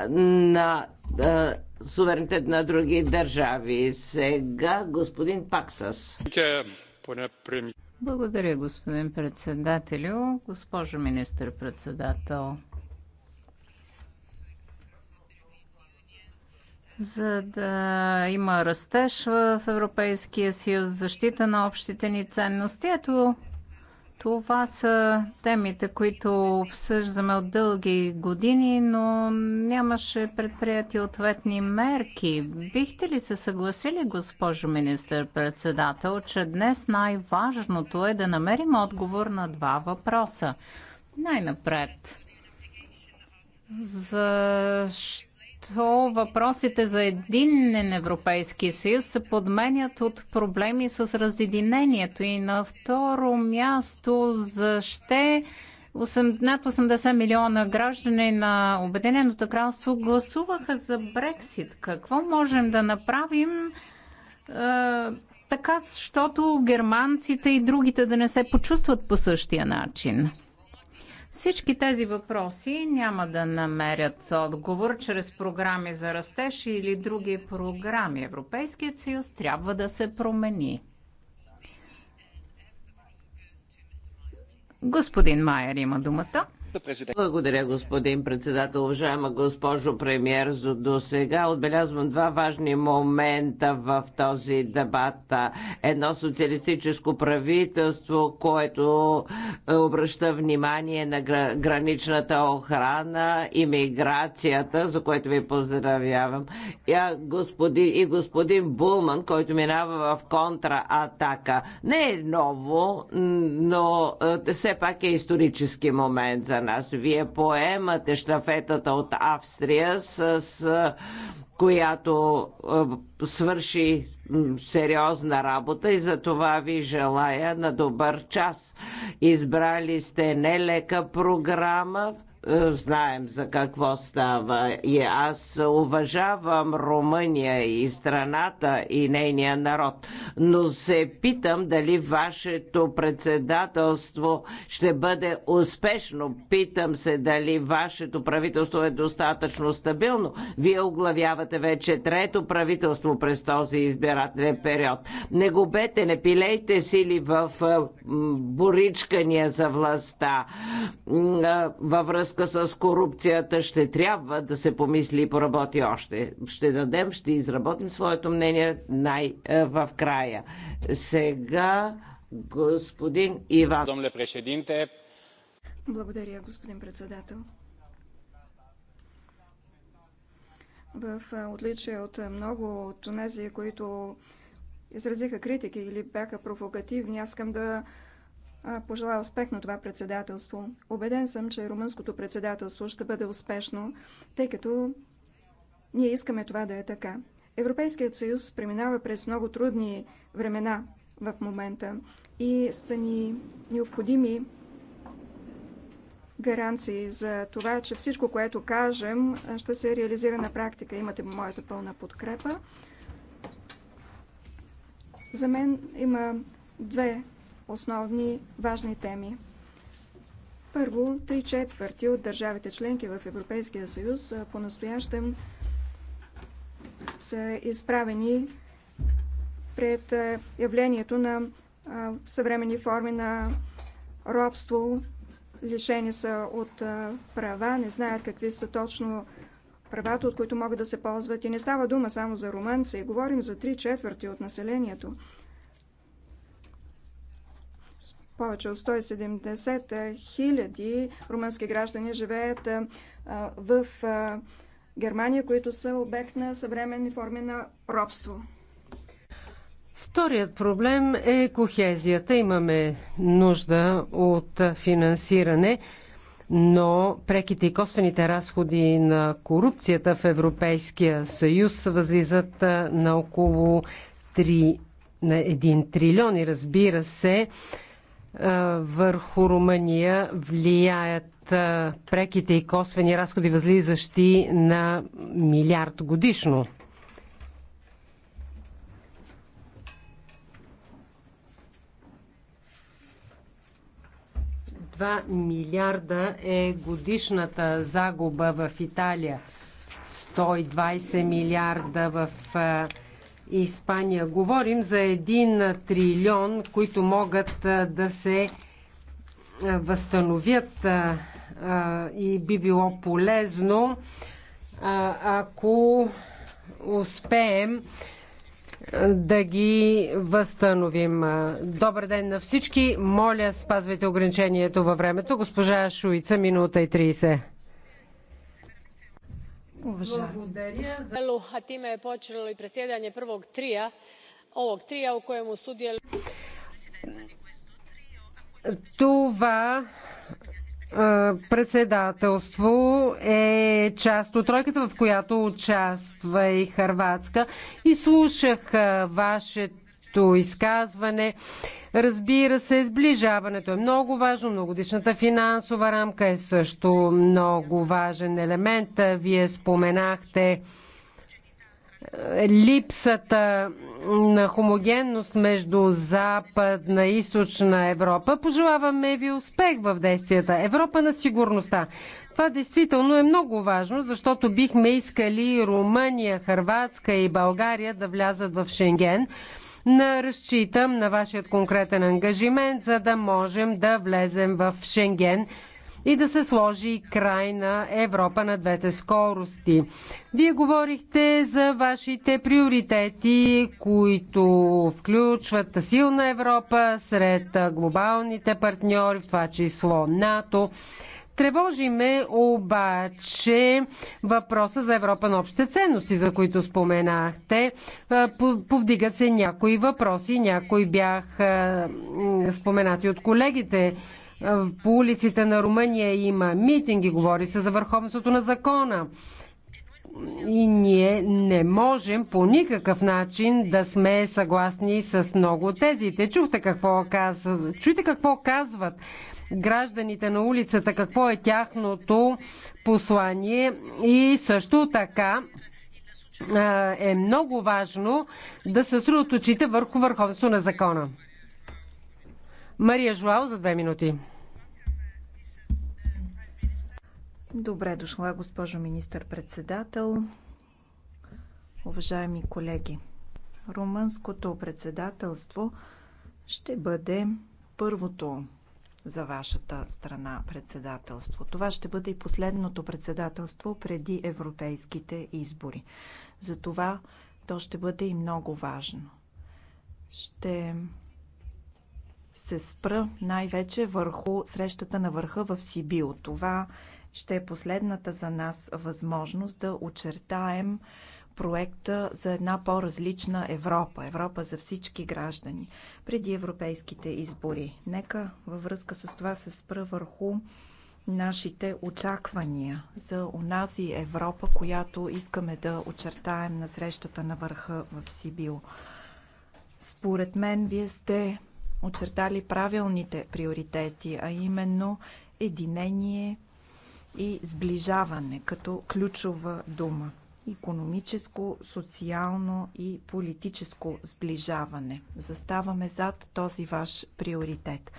на суверенитет на други държави. Сега господин Паксас. Е, благодаря, господин председателю. Госпожо министър-председател, за да има растеж в Европейския съюз, защита на общите ни ценности, ето това са темите, които обсъждаме от дълги години, но нямаше предприяти ответни мерки. Бихте ли се съгласили, госпожо министър-председател, че днес най-важното е да намерим отговор на два въпроса? Най-напред. Защо често въпросите за единен Европейски съюз се подменят от проблеми с разединението. И на второ място, заще над 80 милиона граждани на Обединеното кралство гласуваха за Брексит. Какво можем да направим е, така, защото германците и другите да не се почувстват по същия начин? Всички тези въпроси няма да намерят отговор чрез програми за растеж или други програми. Европейският съюз трябва да се промени. Господин Майер има думата. Благодаря, господин председател. Уважаема госпожо премьер, до сега отбелязвам два важни момента в този дебат. Едно социалистическо правителство, което е, обръща внимание на граничната охрана, имиграцията, за което ви поздравявам. И господин, и господин Булман, който минава в контраатака. Не е ново, но е, все пак е исторически момент за нас. Вие поемате штафетата от Австрия, с която е, свърши сериозна работа и за това ви желая на добър час. Избрали сте нелека програма, знаем за какво става. И аз уважавам Румъния и страната и нейния народ, но се питам дали вашето председателство ще бъде успешно. Питам се дали вашето правителство е достатъчно стабилно. Вие оглавявате вече трето правителство през този избирателен период. Не губете, не пилейте сили в боричкания за властта. Във връзка връзка с корупцията ще трябва да се помисли и поработи още. Ще дадем, ще изработим своето мнение най- е, в края. Сега господин Иван. Благодаря, господин председател. В е, отличие от е, много от тези, които изразиха критики или бяха провокативни, аз искам да пожелая успех на това председателство. Обеден съм, че румънското председателство ще бъде успешно, тъй като ние искаме това да е така. Европейският съюз преминава през много трудни времена в момента и са ни необходими гаранции за това, че всичко, което кажем, ще се реализира на практика. Имате моята пълна подкрепа. За мен има две основни важни теми. Първо, три четвърти от държавите членки в Европейския съюз по-настоящем са изправени пред явлението на съвремени форми на робство, лишени са от права, не знаят какви са точно правата, от които могат да се ползват. И не става дума само за румънци, говорим за три четвърти от населението. Повече от 170 хиляди румънски граждани живеят в Германия, които са обект на съвременни форми на робство. Вторият проблем е кохезията. Имаме нужда от финансиране, но преките и косвените разходи на корупцията в Европейския съюз възлизат на около 3, на 1 трилион и разбира се, върху Румъния влияят преките и косвени разходи, възлизащи на милиард годишно. Два милиарда е годишната загуба в Италия. 120 милиарда в Испания. Говорим за един трилион, които могат да се възстановят и би било полезно, ако успеем да ги възстановим. Добър ден на всички. Моля, спазвайте ограничението във времето. Госпожа Шуица, минута и 30. Благодаря ...а time je počelo i predsjedanje prvog trija, ovog trija u kojemu sudjeluje... Това председателство е част от тройката, в която участва и Харватска. И слушах вашето нашето изказване. Разбира се, сближаването е много важно. Многодишната финансова рамка е също много важен елемент. Вие споменахте е, липсата на хомогенност между Западна и Източна Европа. Пожелаваме ви успех в действията. Европа на сигурността. Това действително е много важно, защото бихме искали Румъния, Харватска и България да влязат в Шенген на разчитам на вашият конкретен ангажимент, за да можем да влезем в Шенген и да се сложи край на Европа на двете скорости. Вие говорихте за вашите приоритети, които включват силна Европа сред глобалните партньори, в това число НАТО. Тревожиме обаче въпроса за Европа на общите ценности, за които споменахте. Е, повдигат се някои въпроси, някои бяха споменати от колегите. Е, по улиците на Румъния има митинги, говори се за върховенството на закона. И ние не можем по никакъв начин да сме съгласни с много от тези. Те чухте какво казват. Чуйте какво казват гражданите на улицата какво е тяхното послание и също така е много важно да се съсредоточите върху върховенство на закона. Мария Жуал за две минути. Добре дошла, госпожо министър-председател. Уважаеми колеги, румънското председателство ще бъде първото за вашата страна председателство. Това ще бъде и последното председателство преди европейските избори. Затова то ще бъде и много важно. Ще се спра най-вече върху срещата на върха в Сибил. Това ще е последната за нас възможност да очертаем проекта за една по-различна Европа, Европа за всички граждани, преди европейските избори. Нека във връзка с това се спра върху нашите очаквания за онази Европа, която искаме да очертаем на срещата на върха в Сибил. Според мен, вие сте очертали правилните приоритети, а именно единение и сближаване като ключова дума економическо, социално и политическо сближаване. Заставаме зад този ваш приоритет.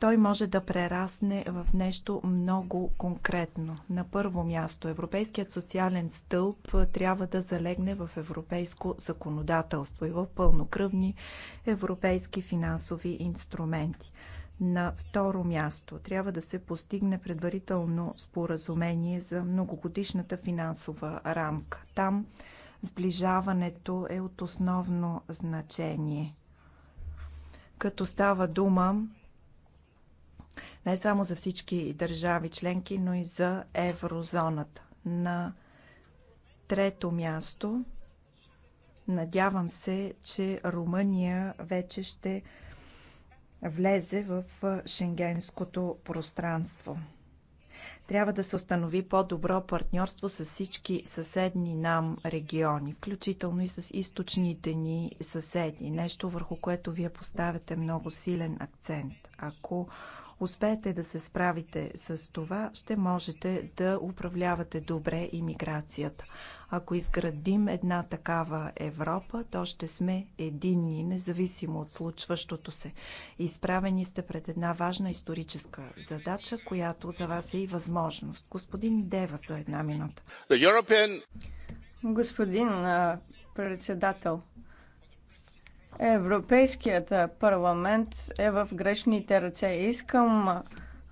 Той може да прерасне в нещо много конкретно. На първо място, Европейският социален стълб трябва да залегне в европейско законодателство и в пълнокръвни европейски финансови инструменти. На второ място трябва да се постигне предварително споразумение за многогодишната финансова рамка. Там сближаването е от основно значение. Като става дума не само за всички държави членки, но и за еврозоната. На трето място надявам се, че Румъния вече ще влезе в шенгенското пространство. Трябва да се установи по-добро партньорство с всички съседни нам региони, включително и с източните ни съседи. Нещо върху което вие поставяте много силен акцент. Ако успеете да се справите с това, ще можете да управлявате добре имиграцията. Ако изградим една такава Европа, то ще сме единни, независимо от случващото се. Изправени сте пред една важна историческа задача, която за вас е и възможност. Господин Дева за една минута. European... Господин председател, Европейският парламент е в грешните ръце. Искам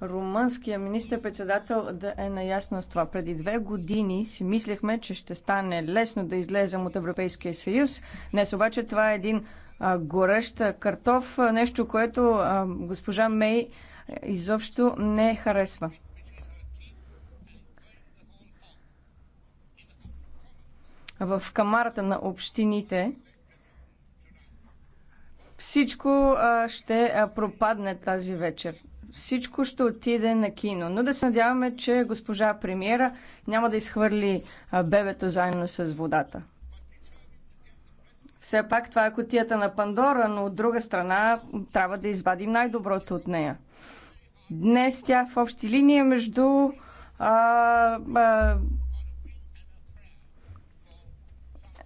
румънския министр-председател да е наясно с това. Преди две години си мислехме, че ще стане лесно да излезем от Европейския съюз. Днес обаче това е един а, горещ картоф, нещо, което а, госпожа Мей изобщо не харесва. В камарата на общините всичко а, ще а, пропадне тази вечер. Всичко ще отиде на кино. Но да се надяваме, че госпожа премиера няма да изхвърли а, бебето заедно с водата. Все пак това е котията на Пандора, но от друга страна трябва да извадим най-доброто от нея. Днес тя в общи линии между а, а,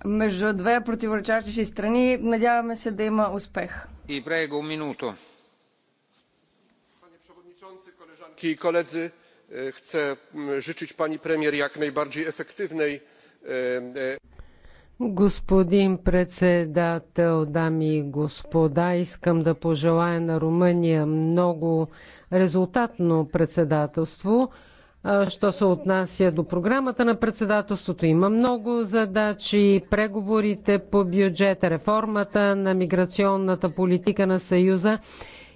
между две противоречащи си страни. Надяваме се да има успех. И прего минуто. Koleżanki колеги, хце жичич пани pani як най najbardziej efektywnej. E, e- Господин председател, дами и господа, искам да пожелая на Румъния много резултатно председателство. Що се отнася до програмата на председателството, има много задачи, преговорите по бюджета, реформата на миграционната политика на Съюза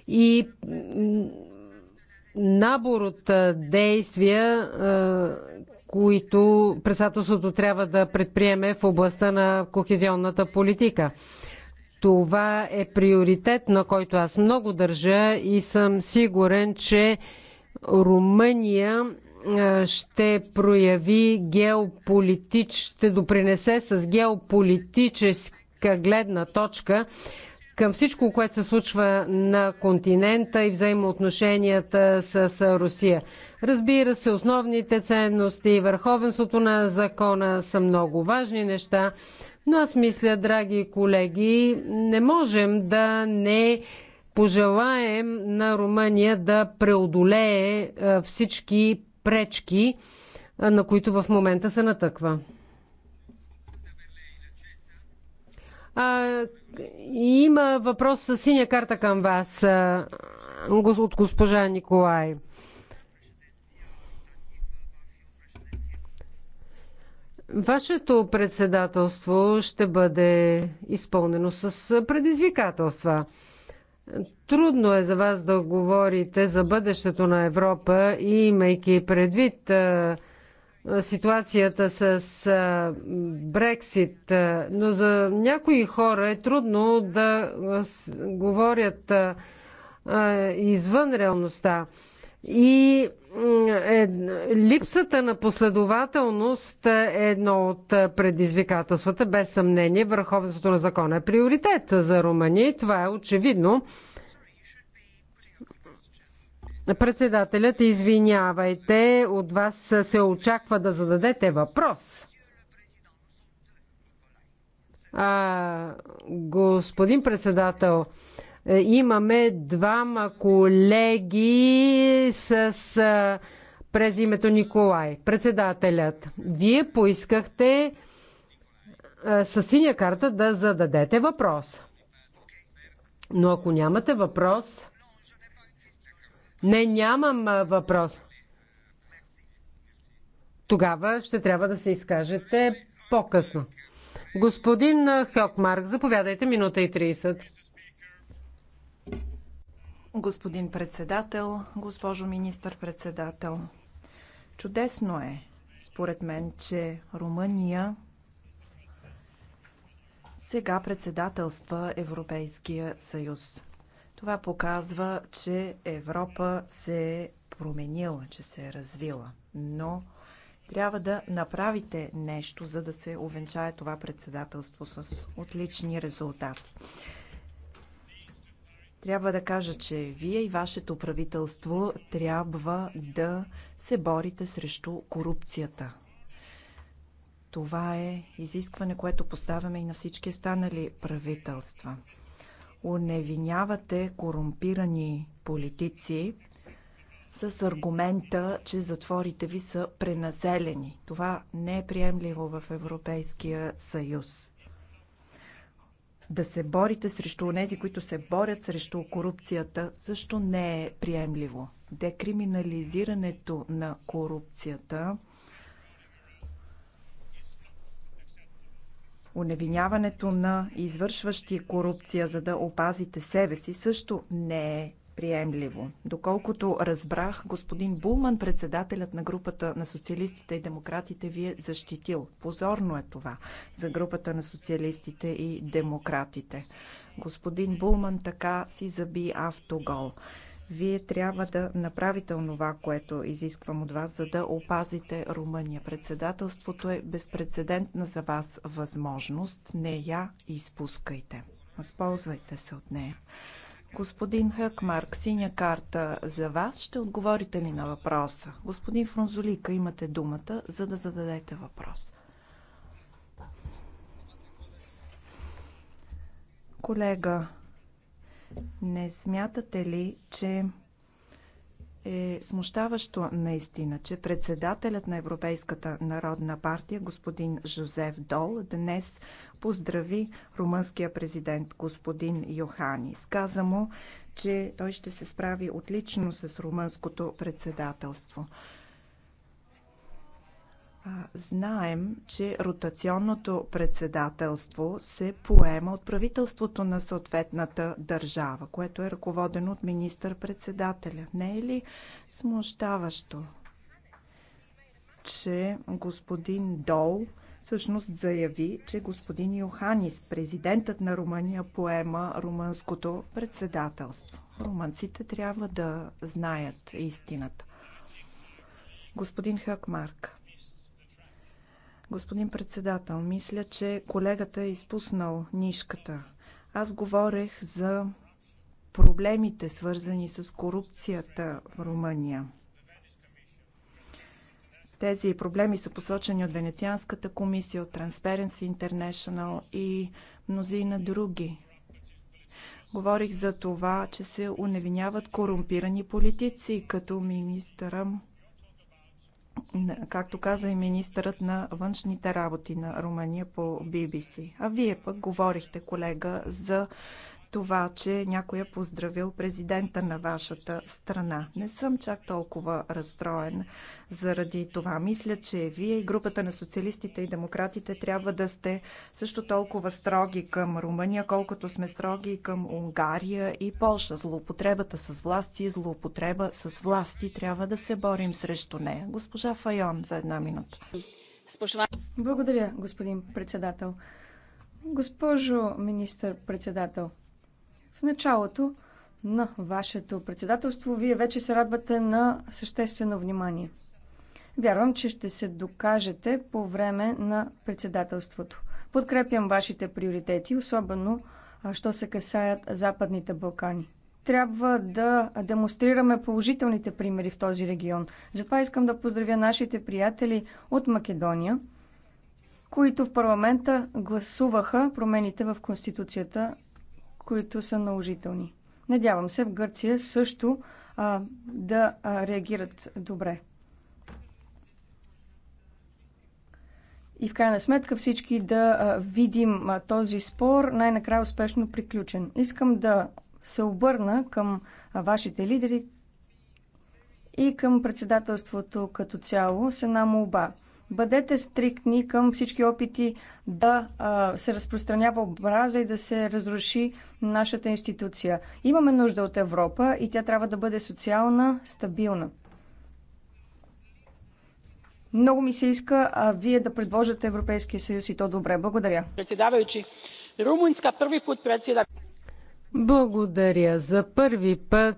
и набор от действия, които председателството трябва да предприеме в областта на кохезионната политика. Това е приоритет, на който аз много държа и съм сигурен, че Румъния е, ще прояви геополитич, ще допринесе с геополитическа гледна точка към всичко, което се случва на континента и взаимоотношенията с Русия. Разбира се, основните ценности и върховенството на закона са много важни неща, но аз мисля, драги колеги, не можем да не пожелаем на Румъния да преодолее е, всички пречки, на които в момента се натъква. А, има въпрос с синя карта към вас от госпожа Николай. Вашето председателство ще бъде изпълнено с предизвикателства. Трудно е за вас да говорите за бъдещето на Европа и имайки предвид ситуацията с Брексит, но за някои хора е трудно да говорят извън реалността. И е, липсата на последователност е едно от предизвикателствата. Без съмнение, върховенството на закона е приоритет за Румъния. Това е очевидно. Председателят, извинявайте, от вас се очаква да зададете въпрос. А, господин председател, е, имаме двама колеги с е, през името Николай, председателят. Вие поискахте е, със синя карта да зададете въпрос. Но ако нямате въпрос... Не, нямам въпрос. Тогава ще трябва да се изкажете по-късно. Господин Хьокмарк, заповядайте минута и 30. Господин председател, госпожо министър-председател, чудесно е, според мен, че Румъния сега председателства Европейския съюз. Това показва, че Европа се е променила, че се е развила. Но трябва да направите нещо, за да се увенчае това председателство с отлични резултати. Трябва да кажа, че вие и вашето правителство трябва да се борите срещу корупцията. Това е изискване, което поставяме и на всички останали правителства. Уневинявате корумпирани политици с аргумента, че затворите ви са пренаселени. Това не е приемливо в Европейския съюз да се борите срещу тези, които се борят срещу корупцията, също не е приемливо. Декриминализирането на корупцията Оневиняването на извършващи корупция, за да опазите себе си, също не е приемливо. Доколкото разбрах, господин Булман, председателят на групата на социалистите и демократите, ви е защитил. Позорно е това за групата на социалистите и демократите. Господин Булман така си заби автогол. Вие трябва да направите онова, което изисквам от вас, за да опазите Румъния. Председателството е безпредседентна за вас възможност. Не я изпускайте. Възползвайте се от нея. Господин Хъкмарк, синя карта за вас. Ще отговорите ли на въпроса? Господин Фронзолика, имате думата, за да зададете въпрос. Колега, не смятате ли, че е смущаващо наистина, че председателят на Европейската народна партия, господин Жозеф Дол, днес поздрави румънския президент господин Йохани. Сказа му, че той ще се справи отлично с румънското председателство. Знаем, че ротационното председателство се поема от правителството на съответната държава, което е ръководено от министър-председателя. Не е ли смущаващо, че господин Дол всъщност заяви, че господин Йоханис, президентът на Румъния, поема румънското председателство? Румънците трябва да знаят истината. Господин Хакмарк. Господин председател, мисля, че колегата е изпуснал нишката. Аз говорех за проблемите, свързани с корупцията в Румъния. Тези проблеми са посочени от Венецианската комисия, от Transparency International и мнозина други. Говорих за това, че се уневиняват корумпирани политици, като министъра както каза и министърът на външните работи на Румъния по BBC. А вие пък говорихте, колега, за това, че някой е поздравил президента на вашата страна. Не съм чак толкова разстроен заради това. Мисля, че вие и групата на социалистите и демократите трябва да сте също толкова строги към Румъния, колкото сме строги към Унгария и Польша. Злоупотребата с власти и злоупотреба с власти трябва да се борим срещу нея. Госпожа Файон, за една минута. Благодаря, господин председател. Госпожо министър-председател, в началото на вашето председателство вие вече се радвате на съществено внимание. Вярвам, че ще се докажете по време на председателството. Подкрепям вашите приоритети, особено що се касаят Западните Балкани. Трябва да демонстрираме положителните примери в този регион. Затова искам да поздравя нашите приятели от Македония, които в парламента гласуваха промените в Конституцията които са наложителни. Надявам се в Гърция също а, да а, реагират добре. И в крайна сметка всички да а, видим а, този спор най-накрая успешно приключен. Искам да се обърна към а, вашите лидери и към председателството като цяло с една молба бъдете стриктни към всички опити да а, се разпространява образа и да се разруши нашата институция. Имаме нужда от Европа и тя трябва да бъде социална, стабилна. Много ми се иска а, вие да предложите Европейския съюз и то добре. Благодаря. Председавайчи, Румунска първи път председа. Благодаря. За първи път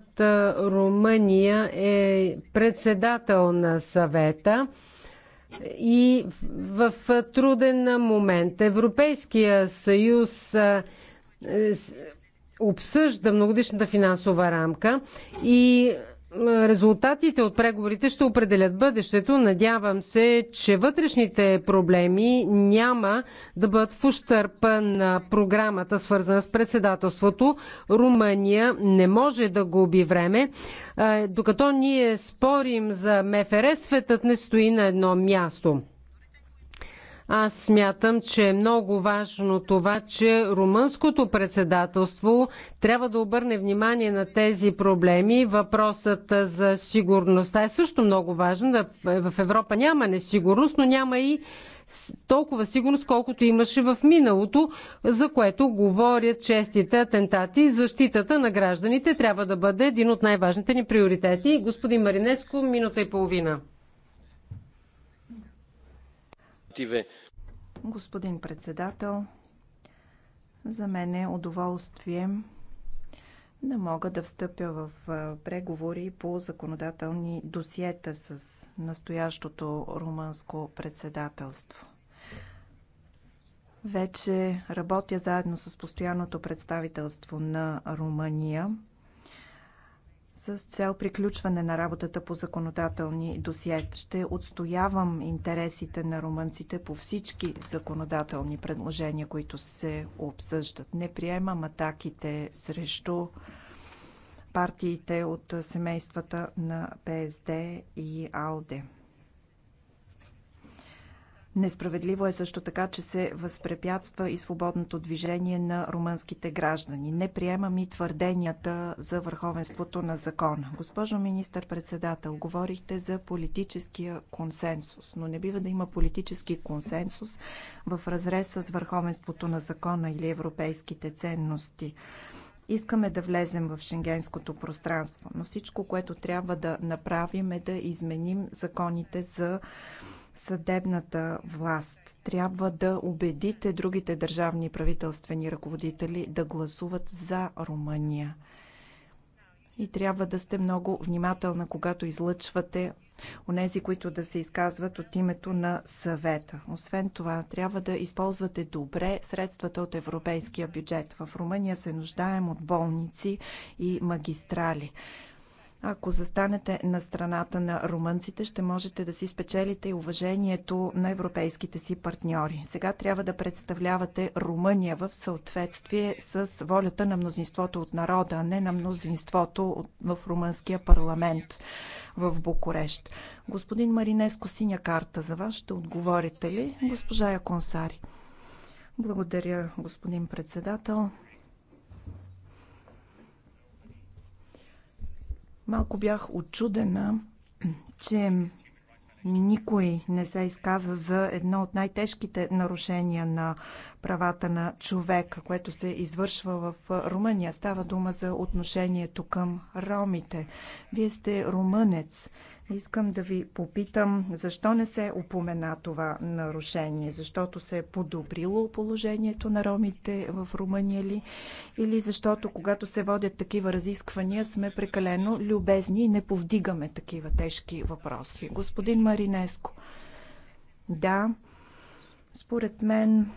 Румъния е председател на съвета и в труден момент. Европейския съюз е, обсъжда многодишната финансова рамка и резултатите от преговорите ще определят бъдещето. Надявам се, че вътрешните проблеми няма да бъдат в ущърпа на програмата, свързана с председателството. Румъния не може да губи време. Е, докато ние спорим за МФР, светът не стои на едно място. Аз смятам, че е много важно това, че румънското председателство трябва да обърне внимание на тези проблеми. Въпросът за сигурността е също много важен. В Европа няма несигурност, но няма и толкова сигурност, колкото имаше в миналото, за което говорят честите атентати. Защитата на гражданите трябва да бъде един от най-важните ни приоритети. Господин Маринеско, минута и половина. Господин председател, за мен е удоволствие да мога да встъпя в преговори по законодателни досиета с настоящото румънско председателство. Вече работя заедно с постоянното представителство на Румъния с цел приключване на работата по законодателни досиета. Ще отстоявам интересите на румънците по всички законодателни предложения, които се обсъждат. Не приемам атаките срещу партиите от семействата на ПСД и АЛДЕ. Несправедливо е също така, че се възпрепятства и свободното движение на румънските граждани. Не приемам и твърденията за върховенството на закона. Госпожо министър-председател, говорихте за политическия консенсус, но не бива да има политически консенсус в разрез с върховенството на закона или европейските ценности. Искаме да влезем в шенгенското пространство, но всичко, което трябва да направим е да изменим законите за съдебната власт. Трябва да убедите другите държавни правителствени ръководители да гласуват за Румъния. И трябва да сте много внимателна, когато излъчвате онези, които да се изказват от името на съвета. Освен това, трябва да използвате добре средствата от европейския бюджет. В Румъния се нуждаем от болници и магистрали. Ако застанете на страната на румънците, ще можете да си спечелите и уважението на европейските си партньори. Сега трябва да представлявате Румъния в съответствие с волята на мнозинството от народа, а не на мнозинството в румънския парламент в Букурещ. Господин Маринеско, синя карта за вас. Ще отговорите ли? Госпожа Яконсари. Благодаря, господин председател. Малко бях очудена, че никой не се изказа за едно от най-тежките нарушения на правата на човека, което се извършва в Румъния. Става дума за отношението към ромите. Вие сте румънец. Искам да ви попитам, защо не се упомена това нарушение? Защото се е подобрило положението на ромите в Румъния ли? Или защото когато се водят такива разисквания, сме прекалено любезни и не повдигаме такива тежки въпроси? Господин Маринеско, да, според мен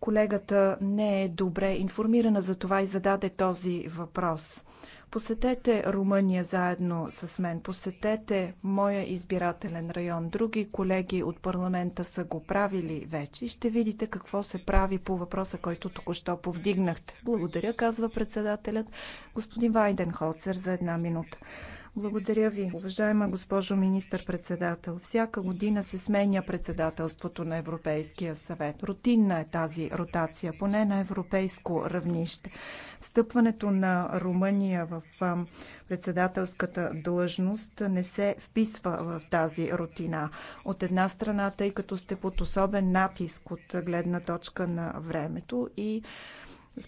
Колегата не е добре информирана за това и зададе този въпрос. Посетете Румъния заедно с мен. Посетете моя избирателен район. Други колеги от парламента са го правили вече. Ще видите какво се прави по въпроса, който току-що повдигнахте. Благодаря, казва председателят господин Вайденхолцер за една минута. Благодаря ви, уважаема госпожо министър-председател. Всяка година се сменя председателството на Европейския съвет. Рутинна е тази ротация, поне на европейско равнище. Стъпването на Румъния в председателската длъжност не се вписва в тази рутина. От една страна, тъй като сте под особен натиск от гледна точка на времето и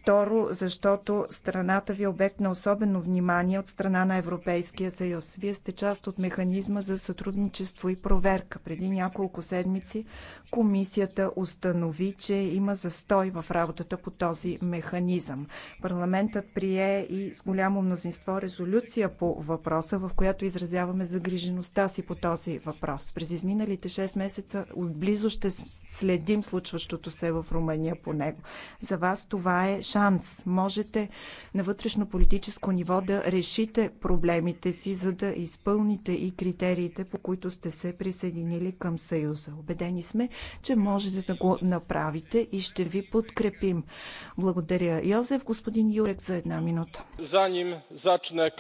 Второ, защото страната ви е обект на особено внимание от страна на Европейския съюз. Вие сте част от механизма за сътрудничество и проверка. Преди няколко седмици комисията установи, че има застой в работата по този механизъм. Парламентът прие и с голямо мнозинство резолюция по въпроса, в която изразяваме загрижеността си по този въпрос. През изминалите 6 месеца отблизо ще следим случващото се в Румъния по него. За вас това е е шанс. Можете на вътрешно политическо ниво да решите проблемите си, за да изпълните и критериите, по които сте се присъединили към Съюза. Обедени сме, че можете да го направите и ще ви подкрепим. Благодаря, Йозеф. Господин Юрек за една минута. За ним зачне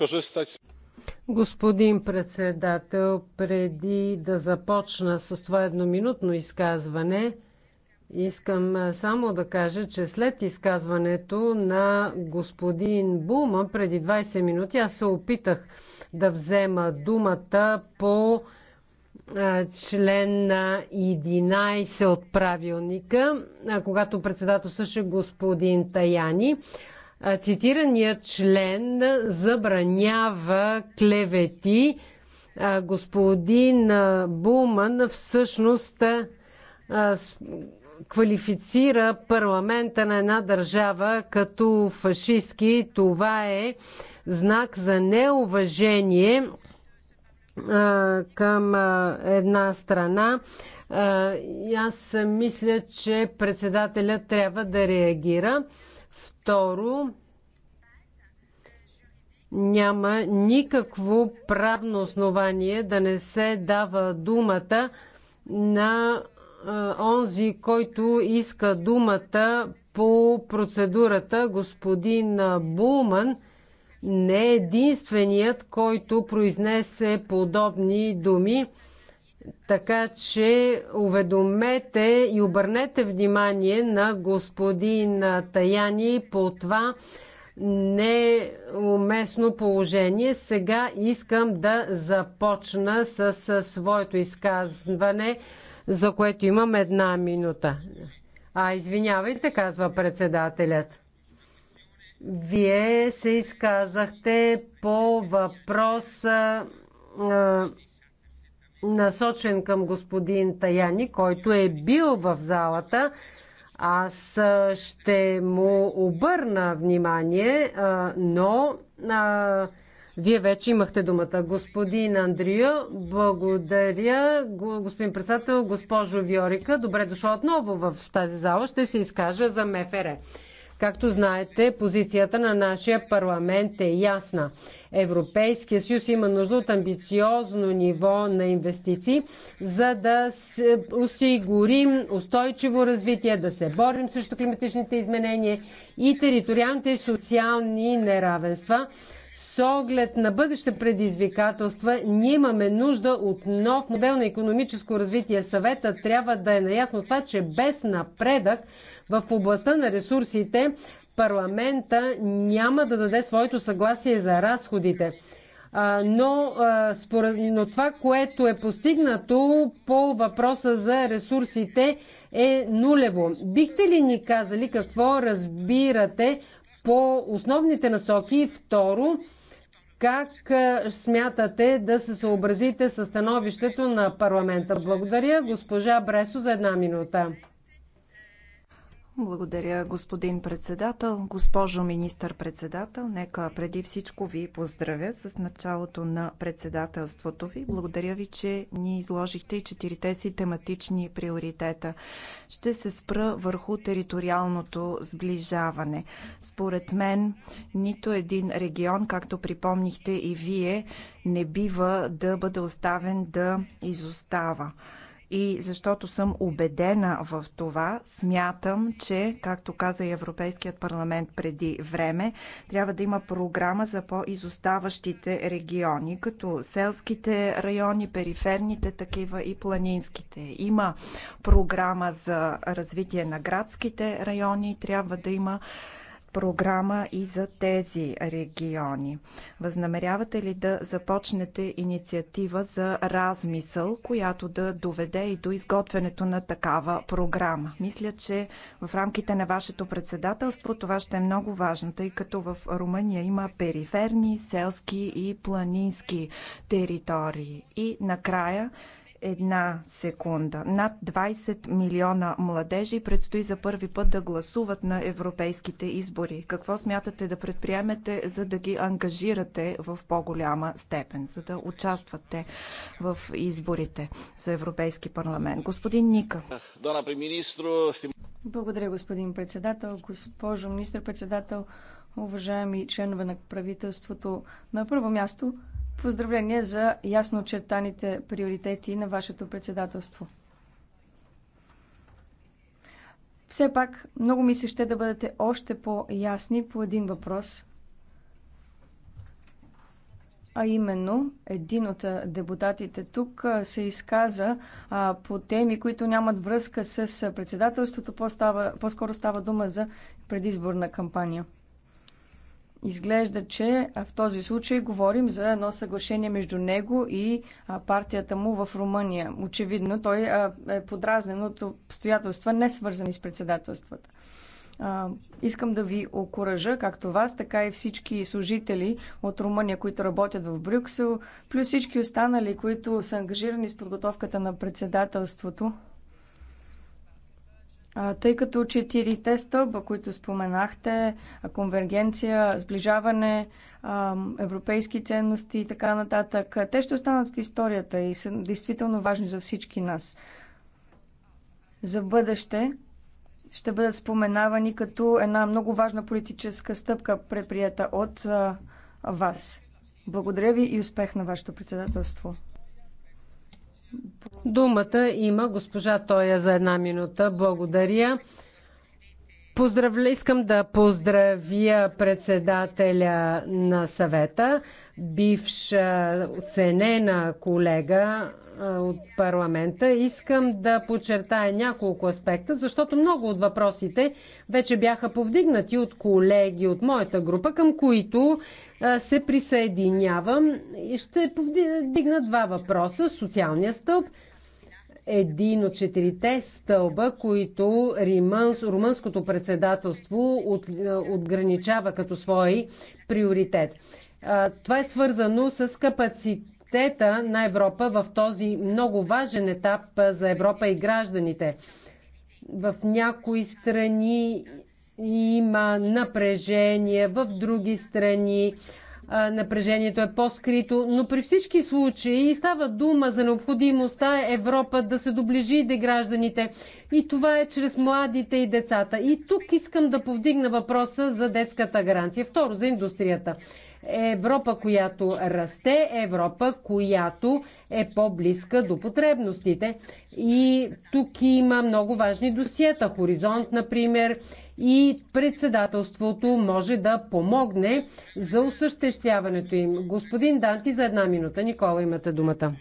Господин председател, преди да започна с това едноминутно изказване, Искам само да кажа, че след изказването на господин Бума преди 20 минути аз се опитах да взема думата по член на 11 от правилника, когато председател също господин Таяни. Цитираният член забранява клевети. Господин Булман всъщност квалифицира парламента на една държава като фашистски. Това е знак за неуважение към една страна. Аз мисля, че председателя трябва да реагира. Второ, няма никакво правно основание да не се дава думата на е, онзи, който иска думата по процедурата, господин Булман, не е единственият, който произнесе подобни думи. Така че уведомете и обърнете внимание на господин Таяни по това неуместно положение. Сега искам да започна с своето изказване за което имам една минута. А, извинявайте, казва председателят. Вие се изказахте по въпрос а, насочен към господин Таяни, който е бил в залата. Аз ще му обърна внимание, а, но. А, вие вече имахте думата. Господин Андрия, благодаря. Господин председател, госпожо Виорика, добре дошла отново в тази зала. Ще се изкажа за МФР. Както знаете, позицията на нашия парламент е ясна. Европейския съюз има нужда от амбициозно ниво на инвестиции, за да осигурим устойчиво развитие, да се борим срещу климатичните изменения и териториалните и социални неравенства с оглед на бъдеще предизвикателства, ние имаме нужда от нов модел на економическо развитие. Съвета трябва да е наясно това, че без напредък в областта на ресурсите парламента няма да даде своето съгласие за разходите. Но, според, но това, което е постигнато по въпроса за ресурсите е нулево. Бихте ли ни казали какво разбирате по основните насоки? Второ, как смятате да се съобразите с становището на парламента? Благодаря, госпожа Бресо, за една минута. Благодаря, господин председател. Госпожо министър-председател, нека преди всичко ви поздравя с началото на председателството ви. Благодаря ви, че ни изложихте и четирите си тематични приоритета. Ще се спра върху териториалното сближаване. Според мен, нито един регион, както припомнихте и вие, не бива да бъде оставен да изостава. И защото съм убедена в това, смятам, че, както каза и Европейският парламент преди време, трябва да има програма за по-изоставащите региони, като селските райони, периферните такива и планинските. Има програма за развитие на градските райони, трябва да има програма и за тези региони? Възнамерявате ли да започнете инициатива за размисъл, която да доведе и до изготвянето на такава програма? Мисля, че в рамките на вашето председателство това ще е много важно, тъй като в Румъния има периферни, селски и планински територии. И накрая една секунда. Над 20 милиона младежи предстои за първи път да гласуват на европейските избори. Какво смятате да предприемете, за да ги ангажирате в по-голяма степен, за да участвате в изборите за Европейски парламент? Господин Ника. Благодаря, господин председател. Госпожо министр-председател, уважаеми членове на правителството, на първо място Поздравление за ясно очертаните приоритети на вашето председателство. Все пак, много ми се ще да бъдете още по-ясни по един въпрос, а именно един от депутатите тук се изказа а, по теми, които нямат връзка с председателството, по-скоро става, по става дума за предизборна кампания. Изглежда, че в този случай говорим за едно съглашение между него и партията му в Румъния. Очевидно, той е подразнен от обстоятелства, не свързани с председателствата. Искам да ви окоръжа, както вас, така и всички служители от Румъния, които работят в Брюксел, плюс всички останали, които са ангажирани с подготовката на председателството тъй като четирите стълба, които споменахте, конвергенция, сближаване, европейски ценности и така нататък, те ще останат в историята и са действително важни за всички нас. За бъдеще ще бъдат споменавани като една много важна политическа стъпка, предприята от вас. Благодаря ви и успех на вашето председателство. Думата има госпожа Тоя за една минута. Благодаря. Поздравля, искам да поздравя председателя на съвета, бивша оценена колега от парламента. Искам да подчертая няколко аспекта, защото много от въпросите вече бяха повдигнати от колеги от моята група, към които се присъединявам. Ще повдигна два въпроса. Социалния стълб, един от четирите стълба, които Римънс, румънското председателство от, отграничава като свой приоритет. Това е свързано с капацитет суверенитета на Европа в този много важен етап за Европа и гражданите. В някои страни има напрежение, в други страни напрежението е по-скрито, но при всички случаи става дума за необходимостта Европа да се доближи до гражданите и това е чрез младите и децата. И тук искам да повдигна въпроса за детската гаранция. Второ, за индустрията. Европа, която расте, Европа, която е по-близка до потребностите. И тук има много важни досиета. Хоризонт, например, и председателството може да помогне за осъществяването им. Господин Данти, за една минута. Никола, имате думата.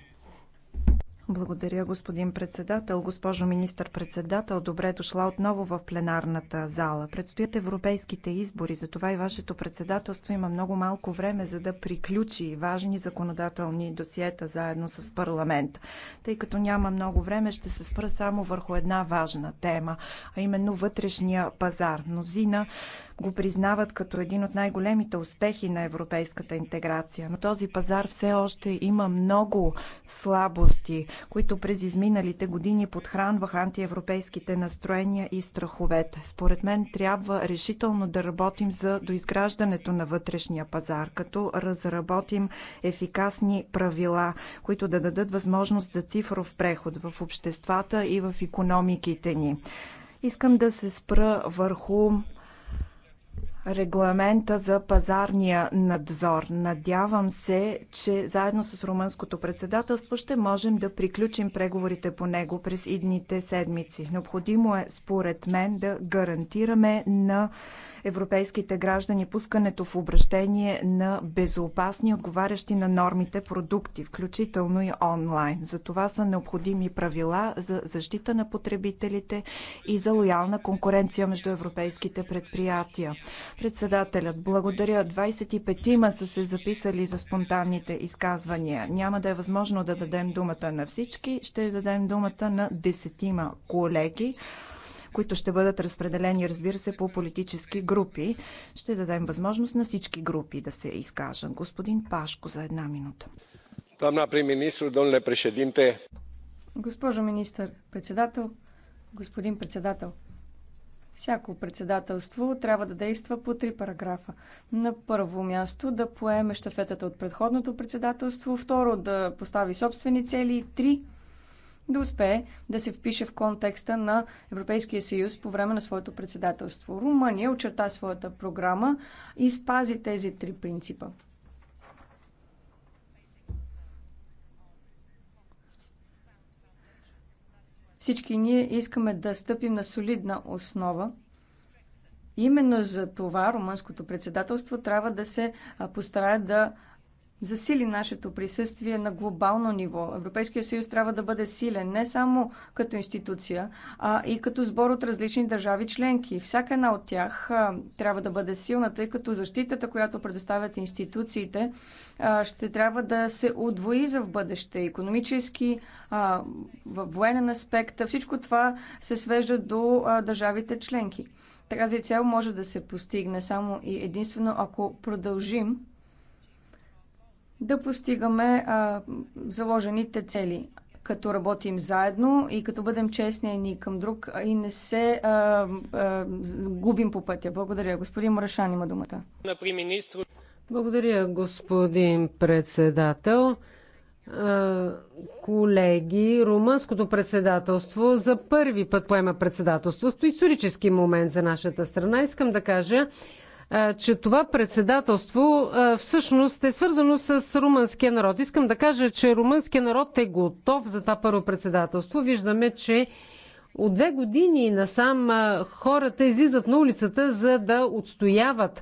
Благодаря, господин председател. Госпожо министър-председател, добре е дошла отново в пленарната зала. Предстоят европейските избори, затова и вашето председателство има много малко време, за да приключи важни законодателни досиета заедно с парламент. Тъй като няма много време, ще се спра само върху една важна тема, а именно вътрешния пазар. Мнозина го признават като един от най-големите успехи на европейската интеграция. Но този пазар все още има много слабости, които през изминалите години подхранваха антиевропейските настроения и страховете. Според мен трябва решително да работим за доизграждането на вътрешния пазар, като разработим ефикасни правила, които да дадат възможност за цифров преход в обществата и в економиките ни. Искам да се спра върху регламента за пазарния надзор. Надявам се, че заедно с румънското председателство ще можем да приключим преговорите по него през идните седмици. Необходимо е, според мен, да гарантираме на европейските граждани пускането в обращение на безопасни, отговарящи на нормите продукти, включително и онлайн. За това са необходими правила за защита на потребителите и за лоялна конкуренция между европейските предприятия. Председателят, благодаря. 25-ма са се записали за спонтанните изказвания. Няма да е възможно да дадем думата на всички. Ще дадем думата на десетима колеги които ще бъдат разпределени, разбира се, по политически групи. Ще дадем възможност на всички групи да се изкажат. Господин Пашко за една минута. Doamna prim-ministru, domnule Госпожо министър, председател, господин председател, всяко председателство трябва да действа по три параграфа. На първо място да поеме щафетата от предходното председателство, второ да постави собствени цели три да успее да се впише в контекста на Европейския съюз по време на своето председателство. Румъния очерта своята програма и спази тези три принципа. Всички ние искаме да стъпим на солидна основа. Именно за това румънското председателство трябва да се постарае да засили нашето присъствие на глобално ниво. Европейския съюз трябва да бъде силен не само като институция, а и като сбор от различни държави членки. Всяка една от тях а, трябва да бъде силна, тъй като защитата, която предоставят институциите, а, ще трябва да се удвои за в бъдеще. Економически, в военен аспект, всичко това се свежда до а, държавите членки. Тази цел може да се постигне само и единствено ако продължим да постигаме а, заложените цели, като работим заедно и като бъдем честни ни към друг и не се а, а, губим по пътя. Благодаря. Господин Марашан има думата. Благодаря, господин председател. Колеги, румънското председателство за първи път поема председателство. Исторически момент за нашата страна. Искам да кажа, че това председателство всъщност е свързано с румънския народ. Искам да кажа, че румънския народ е готов за това първо председателство. Виждаме, че от две години насам хората излизат на улицата, за да отстояват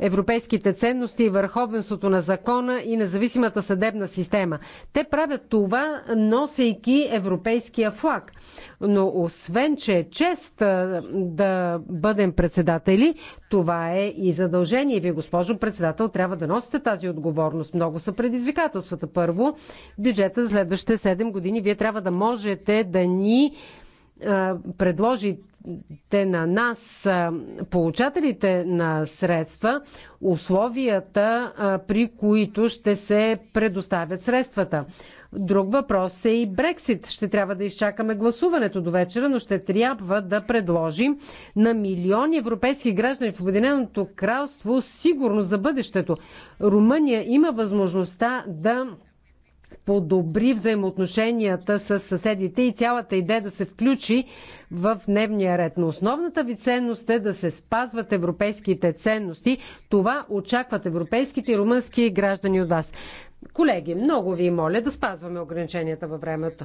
европейските ценности, върховенството на закона и независимата съдебна система. Те правят това, носейки европейския флаг. Но освен, че е чест да бъдем председатели, това е и задължение. Вие, госпожо председател, трябва да носите тази отговорност. Много са предизвикателствата. Първо, бюджета за следващите 7 години. Вие трябва да можете да ни предложите те на нас, получателите на средства, условията, при които ще се предоставят средствата. Друг въпрос е и Брексит. Ще трябва да изчакаме гласуването до вечера, но ще трябва да предложим на милиони европейски граждани в Обединеното кралство сигурност за бъдещето. Румъния има възможността да подобри взаимоотношенията с съседите и цялата идея да се включи в дневния ред. Но основната ви ценност е да се спазват европейските ценности. Това очакват европейските и румънски граждани от вас. Колеги, много ви моля да спазваме ограниченията във времето.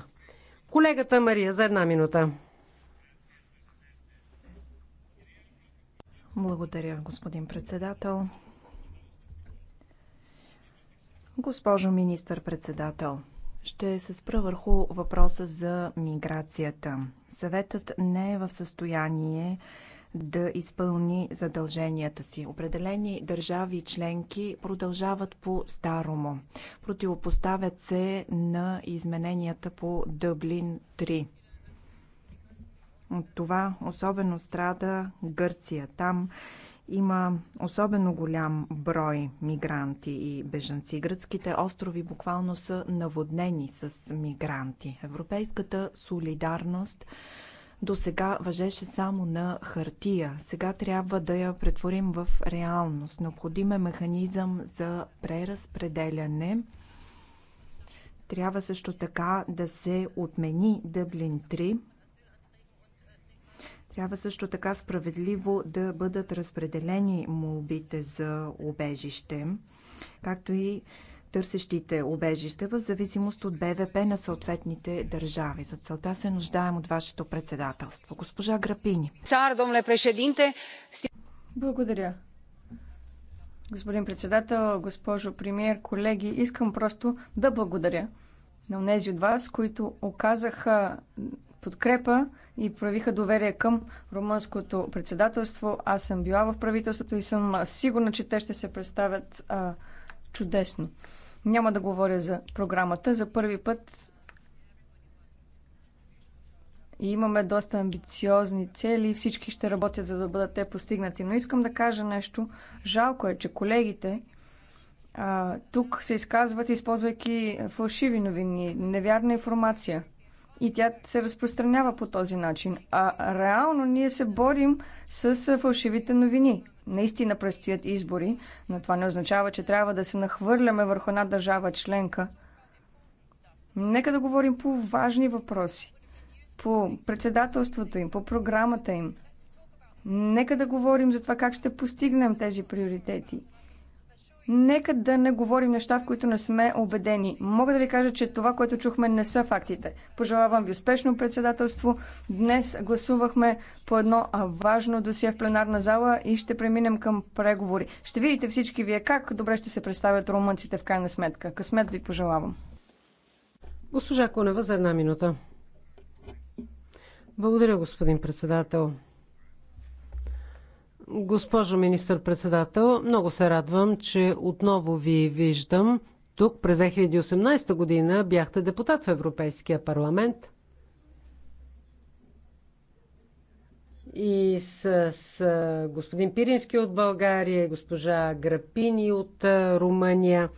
Колегата Мария за една минута. Благодаря, господин председател. Госпожо министър-председател, ще се спра върху въпроса за миграцията. Съветът не е в състояние да изпълни задълженията си. Определени държави членки продължават по старому. Противопоставят се на измененията по Дъблин 3. От това особено страда Гърция. Там има особено голям брой мигранти и бежанци. Гръцките острови буквално са наводнени с мигранти. Европейската солидарност до сега въжеше само на хартия. Сега трябва да я претворим в реалност. Необходим е механизъм за преразпределяне. Трябва също така да се отмени Дъблин трябва също така справедливо да бъдат разпределени молбите за обежище, както и търсещите убежище в зависимост от БВП на съответните държави. За целта се нуждаем от вашето председателство. Госпожа Грапини. Цар, домле președинте. Благодаря. Господин председател, госпожо премьер, колеги, искам просто да благодаря на тези от вас, които оказаха подкрепа и проявиха доверие към румънското председателство. Аз съм била в правителството и съм сигурна, че те ще се представят а, чудесно. Няма да говоря за програмата. За първи път и имаме доста амбициозни цели всички ще работят, за да бъдат те постигнати. Но искам да кажа нещо. Жалко е, че колегите а, тук се изказват, използвайки фалшиви новини, невярна информация – и тя се разпространява по този начин. А реално ние се борим с фалшивите новини. Наистина предстоят избори, но това не означава, че трябва да се нахвърляме върху една държава членка. Нека да говорим по важни въпроси. По председателството им, по програмата им. Нека да говорим за това как ще постигнем тези приоритети. Нека да не говорим неща, в които не сме убедени. Мога да ви кажа, че това, което чухме, не са фактите. Пожелавам ви успешно председателство. Днес гласувахме по едно важно досие в пленарна зала и ще преминем към преговори. Ще видите всички вие как добре ще се представят румънците в крайна сметка. Късмет ви пожелавам. Госпожа Конева за една минута. Благодаря, господин председател. Госпожо министър-председател, много се радвам, че отново ви виждам. Тук през 2018 година бяхте депутат в Европейския парламент – и с, с господин Пирински от България, и госпожа Грапини от Румъния.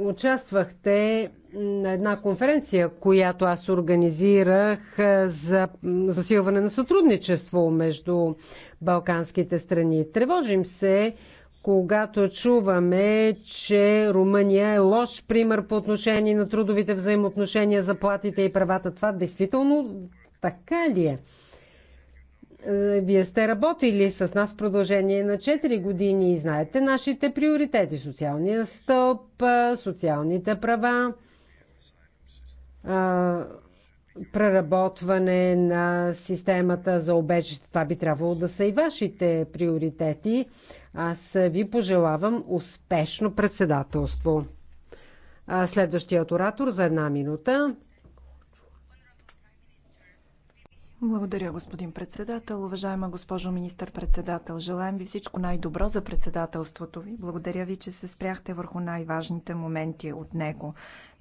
участвахте на една конференция, която аз организирах за засилване на сътрудничество между балканските страни. Тревожим се, когато чуваме, че Румъния е лош пример по отношение на трудовите взаимоотношения, заплатите и правата. Това действително така ли е? Е, вие сте работили с нас в продължение на 4 години и знаете нашите приоритети. Социалния стълб, е, социалните права, е, преработване на системата за обежище. Това би трябвало да са и вашите приоритети. Аз ви пожелавам успешно председателство. Следващият оратор за една минута. Благодаря, господин председател. Уважаема госпожо министър-председател, желаем ви всичко най-добро за председателството ви. Благодаря ви, че се спряхте върху най-важните моменти от него.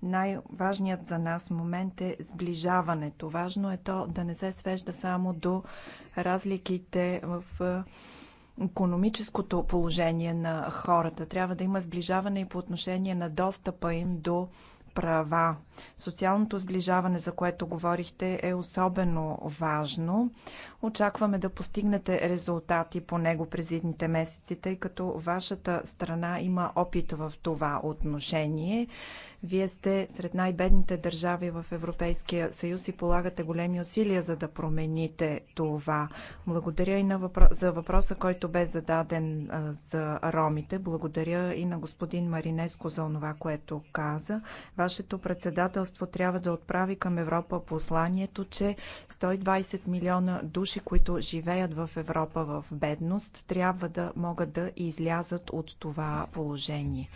Най-важният за нас момент е сближаването. Важно е то да не се свежда само до разликите в економическото положение на хората. Трябва да има сближаване и по отношение на достъпа им до права. Социалното сближаване, за което говорихте, е особено важно. Очакваме да постигнете резултати по него през едните месеци, тъй като вашата страна има опит в това отношение. Вие сте сред най-бедните държави в Европейския съюз и полагате големи усилия за да промените това. Благодаря и на въпро... за въпроса, който бе зададен а, за ромите. Благодаря и на господин Маринеско за това, което каза. Вашето председателство трябва да отправи към Европа посланието, че 120 милиона души, които живеят в Европа в бедност, трябва да могат да излязат от това положение.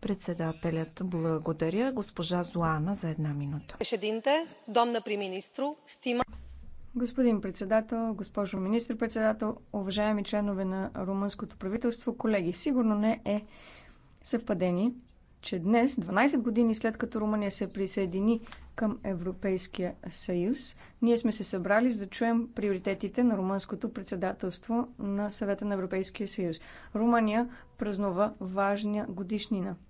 Председателят благодаря госпожа Зоана за една минута. Господин председател, госпожо министр-председател, уважаеми членове на румънското правителство, колеги, сигурно не е съвпадение, че днес, 12 години след като Румъния се присъедини към Европейския съюз, ние сме се събрали за да чуем приоритетите на румънското председателство на съвета на Европейския съюз. Румъния празнува важния годишнина –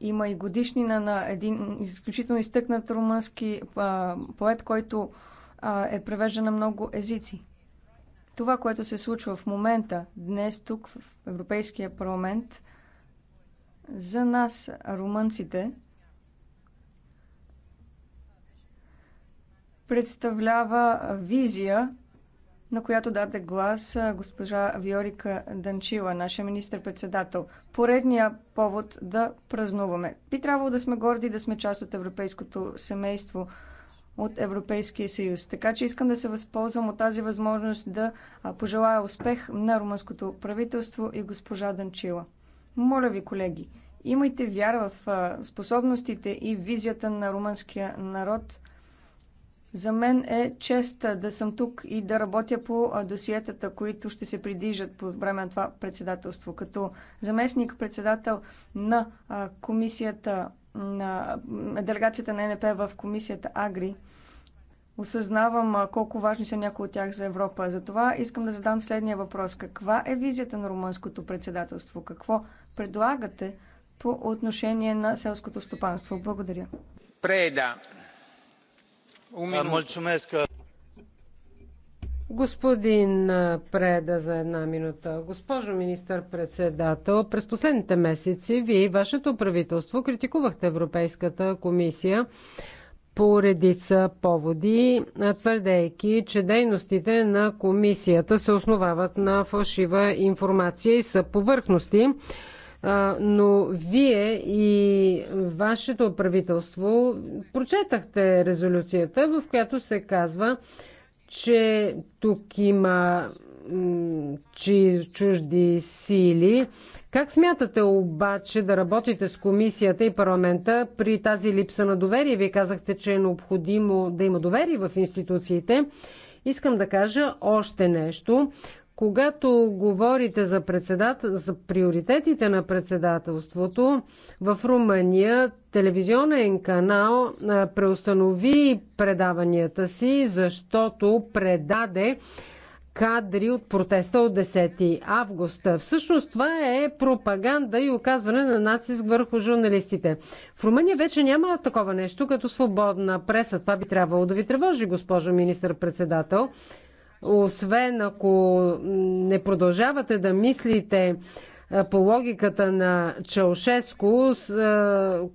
има и годишнина на един изключително изтъкнат румънски а, поет, който а, е превеждан на много езици. Това, което се случва в момента, днес тук в Европейския парламент, за нас, румънците, представлява визия на която даде глас госпожа Виорика Данчила, нашия министр-председател. Поредния повод да празнуваме. Би трябвало да сме горди да сме част от европейското семейство, от Европейския съюз. Така че искам да се възползвам от тази възможност да пожелая успех на румънското правителство и госпожа Данчила. Моля ви, колеги, имайте вяра в способностите и визията на румънския народ – за мен е чест да съм тук и да работя по досиетата, които ще се придвижат по време на това председателство. Като заместник-председател на комисията на делегацията на НП в комисията Агри, осъзнавам колко важни са някои от тях за Европа. Затова искам да задам следния въпрос. Каква е визията на румънското председателство? Какво предлагате по отношение на селското стопанство? Благодаря. Преда. Господин Преда за една минута. Госпожо министър-председател, през последните месеци вие и вашето правителство критикувахте Европейската комисия по редица поводи, твърдейки, че дейностите на комисията се основават на фалшива информация и са повърхности но вие и вашето правителство прочетахте резолюцията, в която се казва, че тук има чужди сили. Как смятате обаче да работите с комисията и парламента при тази липса на доверие? Вие казахте, че е необходимо да има доверие в институциите. Искам да кажа още нещо. Когато говорите за, председател... за приоритетите на председателството, в Румъния телевизионен канал преустанови предаванията си, защото предаде кадри от протеста от 10 август. Всъщност това е пропаганда и оказване на нацист върху журналистите. В Румъния вече няма такова нещо като свободна преса. Това би трябвало да ви тревожи, госпожо министър-председател. Освен ако не продължавате да мислите по логиката на Чаушеско,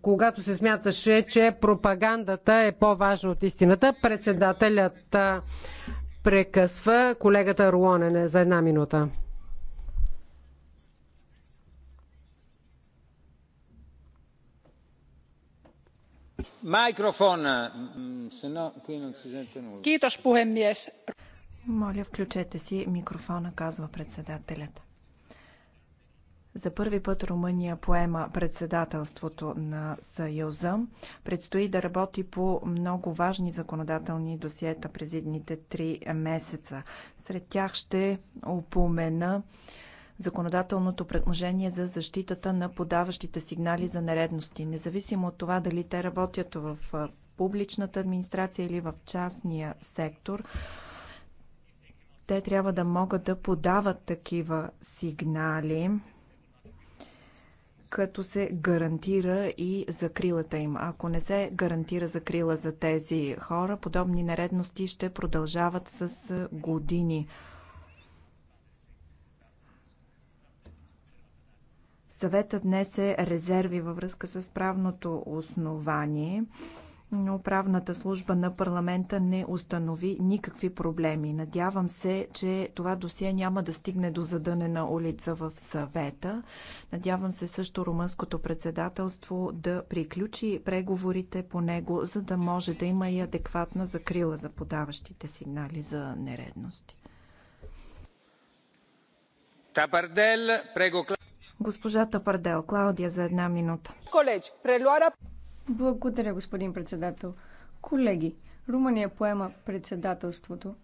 когато се смяташе, че пропагандата е по-важна от истината, председателят прекъсва колегата Руонене за една минута. arvoisa е puhemies моля, включете си микрофона, казва председателят. За първи път Румъния поема председателството на Съюза. Предстои да работи по много важни законодателни досиета през едните три месеца. Сред тях ще упомена законодателното предложение за защитата на подаващите сигнали за нередности, независимо от това дали те работят в публичната администрация или в частния сектор те трябва да могат да подават такива сигнали, като се гарантира и закрилата им. Ако не се гарантира закрила за тези хора, подобни нередности ще продължават с години. Съветът днес е резерви във връзка с правното основание но правната служба на парламента не установи никакви проблеми. Надявам се, че това досие няма да стигне до задънена улица в съвета. Надявам се също румънското председателство да приключи преговорите по него, за да може да има и адекватна закрила за подаващите сигнали за нередности. Госпожата прего... Госпожа Тапардел, Клаудия за една минута. Колеж, прелуара... Благодаря, господин председател. Колеги, Румъния поема председателството,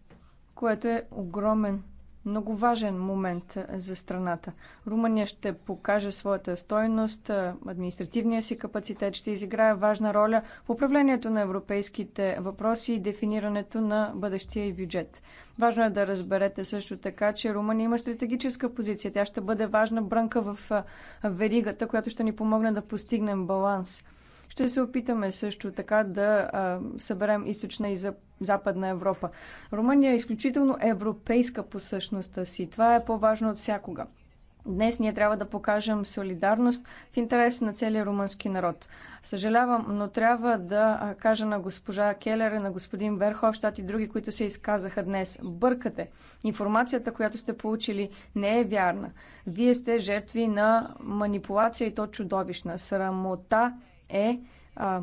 което е огромен, много важен момент за страната. Румъния ще покаже своята стойност, административния си капацитет, ще изиграе важна роля в управлението на европейските въпроси и дефинирането на бъдещия и бюджет. Важно е да разберете също така, че Румъния има стратегическа позиция. Тя ще бъде важна брънка в веригата, която ще ни помогне да постигнем баланс – ще се опитаме също така да а, съберем източна и западна Европа. Румъния е изключително европейска по същността си. Това е по-важно от всякога. Днес ние трябва да покажем солидарност в интерес на целия румънски народ. Съжалявам, но трябва да кажа на госпожа Келер, на господин Верховщат и други, които се изказаха днес. Бъркате. Информацията, която сте получили, не е вярна. Вие сте жертви на манипулация и то чудовищна. Срамота е, а,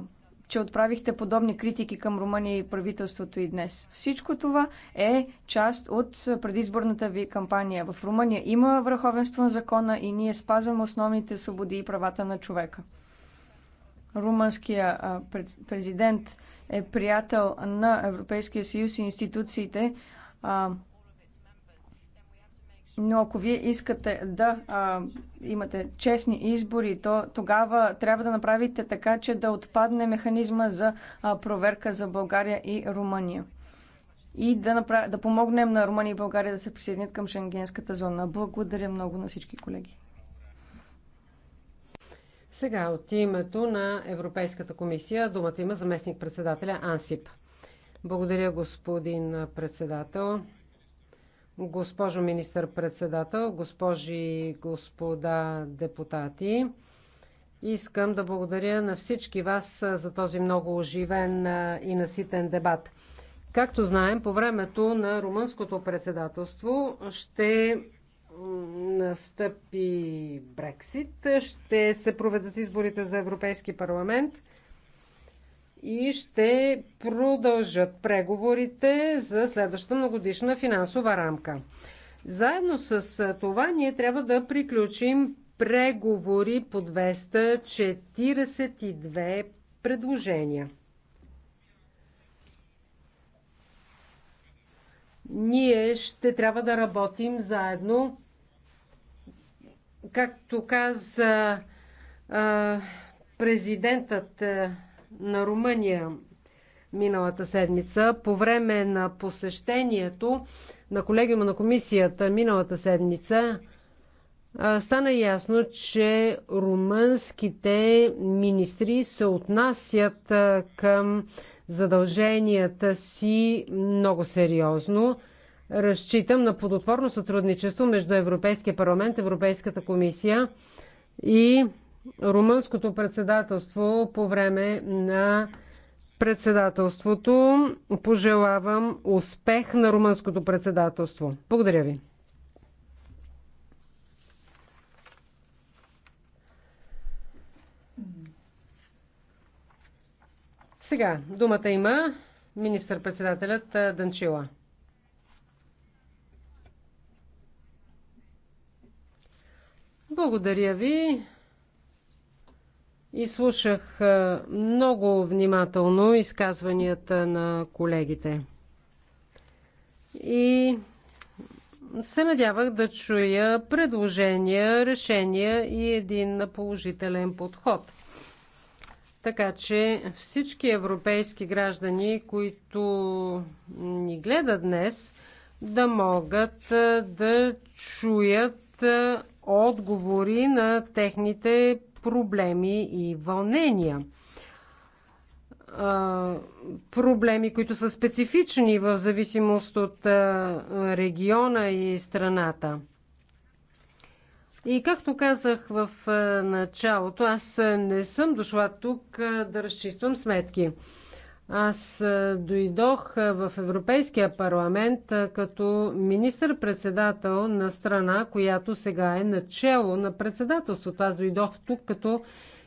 че отправихте подобни критики към Румъния и правителството и днес. Всичко това е част от предизборната ви кампания. В Румъния има върховенство на закона и ние спазваме основните свободи и правата на човека. Румънския президент е приятел на Европейския съюз и институциите. Но ако вие искате да а, имате честни избори, то тогава трябва да направите така, че да отпадне механизма за а, проверка за България и Румъния. И да, направ... да помогнем на Румъния и България да се присъединят към Шенгенската зона. Благодаря много на всички колеги. Сега от името на Европейската комисия думата има заместник председателя Ансип. Благодаря, господин председател. Госпожо министър-председател, госпожи и господа депутати, искам да благодаря на всички вас за този много оживен и наситен дебат. Както знаем, по времето на румънското председателство ще настъпи Брексит, ще се проведат изборите за Европейски парламент – и ще продължат преговорите за следващата многодишна финансова рамка. Заедно с това ние трябва да приключим преговори по 242 предложения. Ние ще трябва да работим заедно, както каза президентът на Румъния миналата седмица. По време на посещението на колегиума на комисията миналата седмица стана ясно, че румънските министри се отнасят към задълженията си много сериозно. Разчитам на плодотворно сътрудничество между Европейския парламент, Европейската комисия и румънското председателство по време на председателството. Пожелавам успех на румънското председателство. Благодаря ви. Сега думата има министър-председателят Данчила. Благодаря ви и слушах много внимателно изказванията на колегите. И се надявах да чуя предложения, решения и един положителен подход. Така че всички европейски граждани, които ни гледат днес, да могат да чуят отговори на техните проблеми и вълнения. Проблеми, които са специфични в зависимост от региона и страната. И както казах в началото, аз не съм дошла тук да разчиствам сметки. Аз дойдох в Европейския парламент като министър-председател на страна, която сега е начало на председателството. Аз дойдох тук като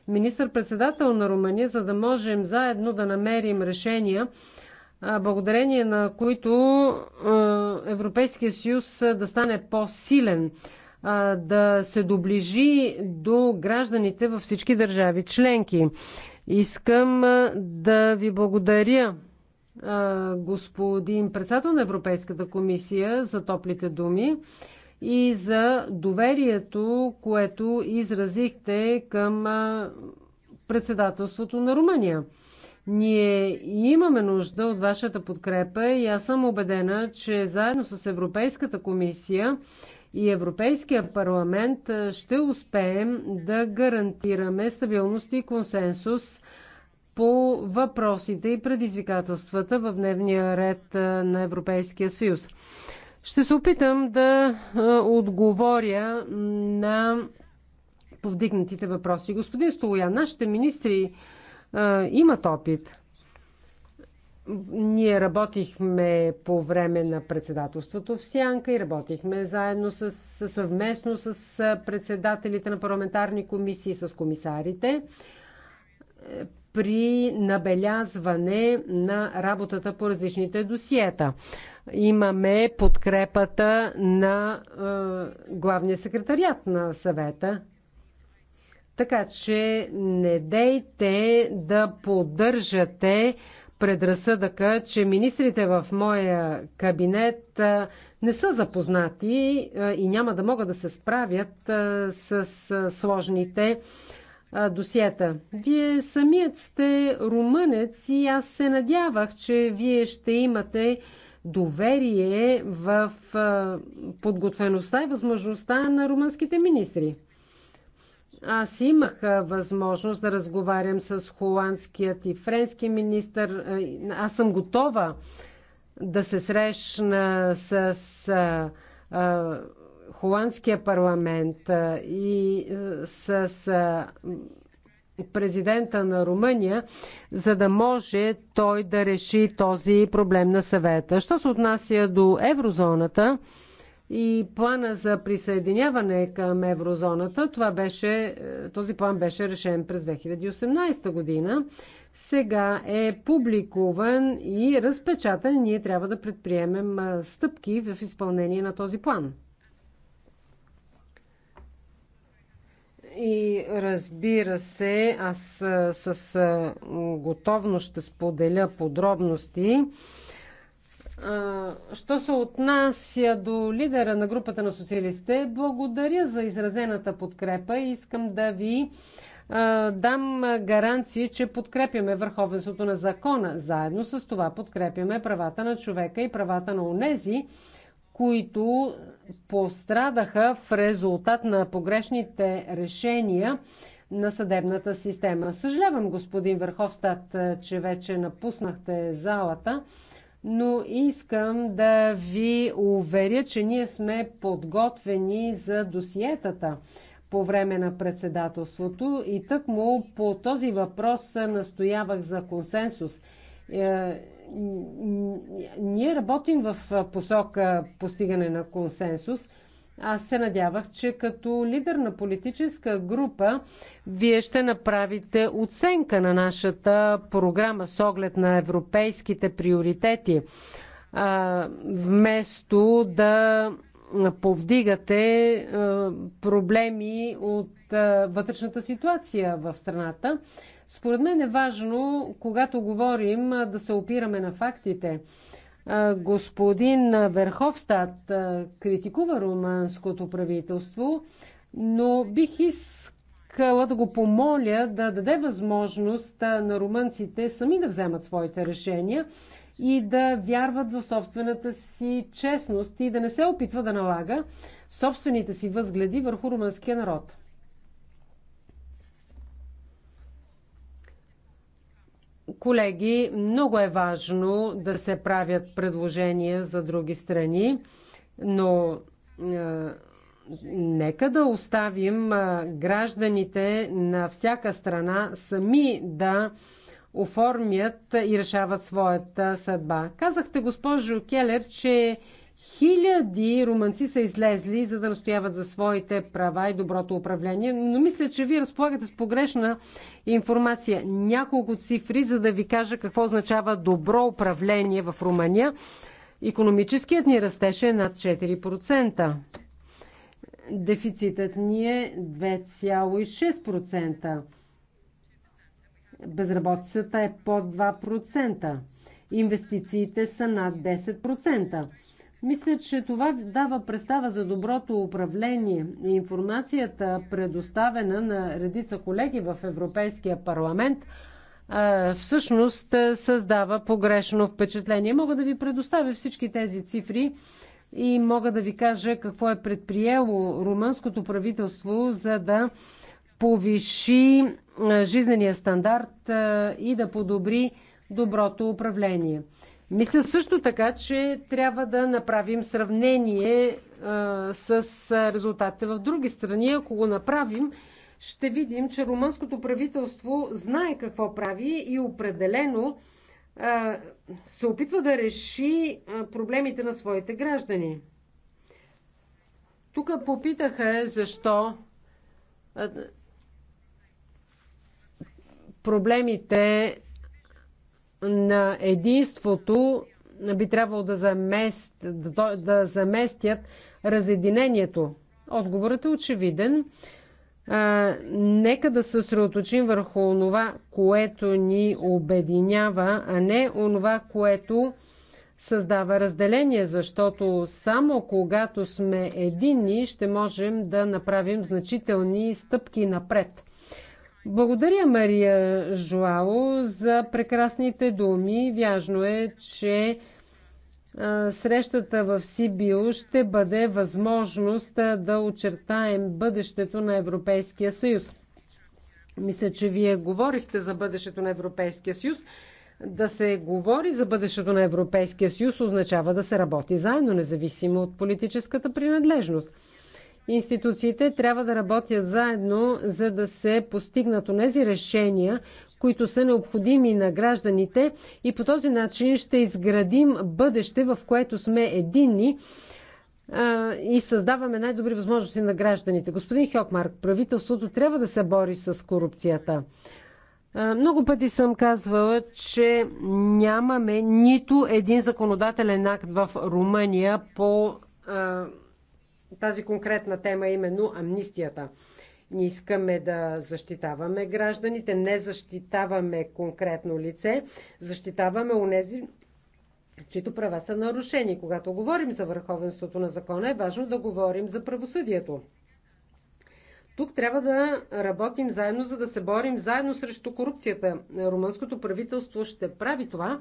министър-председател на Румъния, за да можем заедно да намерим решения, благодарение на които Европейския съюз да стане по-силен, да се доближи до гражданите във всички държави членки. Искам да ви благодаря, господин председател на Европейската комисия, за топлите думи и за доверието, което изразихте към председателството на Румъния. Ние имаме нужда от вашата подкрепа и аз съм убедена, че заедно с Европейската комисия и Европейския парламент ще успеем да гарантираме стабилност и консенсус по въпросите и предизвикателствата в дневния ред на Европейския съюз. Ще се опитам да отговоря на повдигнатите въпроси. Господин Столоян, нашите министри имат опит ние работихме по време на председателството в Сянка и работихме заедно с, съвместно с председателите на парламентарни комисии, с комисарите е, при набелязване на работата по различните досиета. Имаме подкрепата на е, главния секретарят на съвета. Така че не дейте да поддържате предразсъдъка, че министрите в моя кабинет не са запознати и няма да могат да се справят с сложните досиета. Вие самият сте румънец и аз се надявах, че вие ще имате доверие в подготвеността и възможността на румънските министри. Аз имах възможност да разговарям с холандският и френски министр. Аз съм готова да се срещна с холандския парламент и с президента на Румъния, за да може той да реши този проблем на съвета. Що се отнася до еврозоната, и плана за присъединяване към еврозоната, това беше, е, този план беше решен през 2018 година. Сега е публикуван и разпечатан и ние трябва да предприемем е, стъпки в изпълнение на този план. И разбира се, аз е, с готовност ще споделя подробности Що се отнася до лидера на групата на социалистите, благодаря за изразената подкрепа и искам да ви дам гаранции, че подкрепяме върховенството на закона. Заедно с това подкрепяме правата на човека и правата на онези, които пострадаха в резултат на погрешните решения на съдебната система. Съжалявам, господин Върховстат, че вече напуснахте залата но искам да ви уверя, че ние сме подготвени за досиетата по време на председателството и тъкмо по този въпрос настоявах за консенсус. Е, ние работим в посока постигане на консенсус – аз се надявах, че като лидер на политическа група вие ще направите оценка на нашата програма с оглед на европейските приоритети, а, вместо да повдигате а, проблеми от а, вътрешната ситуация в страната. Според мен е важно, когато говорим, да се опираме на фактите. Господин Верховстат критикува румънското правителство, но бих искала да го помоля да даде възможност на румънците сами да вземат своите решения и да вярват в собствената си честност и да не се опитва да налага собствените си възгледи върху румънския народ. Колеги, много е важно да се правят предложения за други страни, но е, нека да оставим е, гражданите на всяка страна сами да оформят и решават своята съдба. Казахте, госпожо Келер, че хиляди румънци са излезли, за да настояват за своите права и доброто управление, но мисля, че вие разполагате с погрешна информация. Няколко цифри, за да ви кажа какво означава добро управление в Румъния. Економическият ни растеж е над 4%. Дефицитът ни е 2,6%. Безработицата е под 2%. Инвестициите са над 10%. Мисля, че това дава представа за доброто управление. Информацията, предоставена на редица колеги в Европейския парламент, всъщност създава погрешно впечатление. Мога да ви предоставя всички тези цифри и мога да ви кажа какво е предприело румънското правителство, за да повиши жизнения стандарт и да подобри доброто управление. Мисля също така, че трябва да направим сравнение а, с резултатите в други страни. Ако го направим, ще видим, че румънското правителство знае какво прави и определено а, се опитва да реши проблемите на своите граждани. Тук попитаха е, защо проблемите на единството би трябвало да, замест, да, да заместят разединението? Отговорът е очевиден. А, нека да се съсредоточим върху това, което ни обединява, а не онова, което създава разделение, защото само когато сме едини, ще можем да направим значителни стъпки напред. Благодаря, Мария Жуало, за прекрасните думи. Вяжно е, че срещата в Сибио ще бъде възможност да очертаем бъдещето на Европейския съюз. Мисля, че вие говорихте за бъдещето на Европейския съюз. Да се говори за бъдещето на Европейския съюз означава да се работи заедно, независимо от политическата принадлежност. Институциите трябва да работят заедно, за да се постигнат тези решения, които са необходими на гражданите и по този начин ще изградим бъдеще, в което сме единни и създаваме най-добри възможности на гражданите. Господин Хьокмарк, правителството трябва да се бори с корупцията. Много пъти съм казвала, че нямаме нито един законодателен акт в Румъния по тази конкретна тема, е именно амнистията. Ние искаме да защитаваме гражданите, не защитаваме конкретно лице, защитаваме унези, чието права са нарушени. Когато говорим за върховенството на закона, е важно да говорим за правосъдието. Тук трябва да работим заедно, за да се борим заедно срещу корупцията. Румънското правителство ще прави това,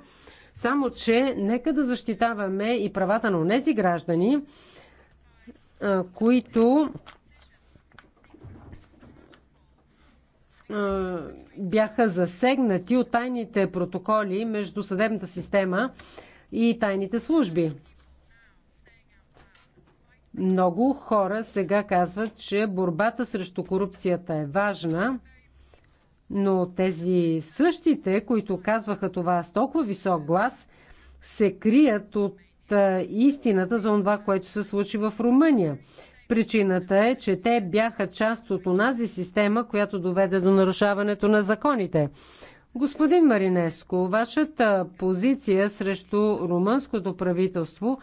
само че нека да защитаваме и правата на тези граждани, които бяха засегнати от тайните протоколи между съдебната система и тайните служби. Много хора сега казват, че борбата срещу корупцията е важна, но тези същите, които казваха това с толкова висок глас, се крият от истината за това, което се случи в Румъния. Причината е, че те бяха част от онази система, която доведе до нарушаването на законите. Господин Маринеско, вашата позиция срещу румънското правителство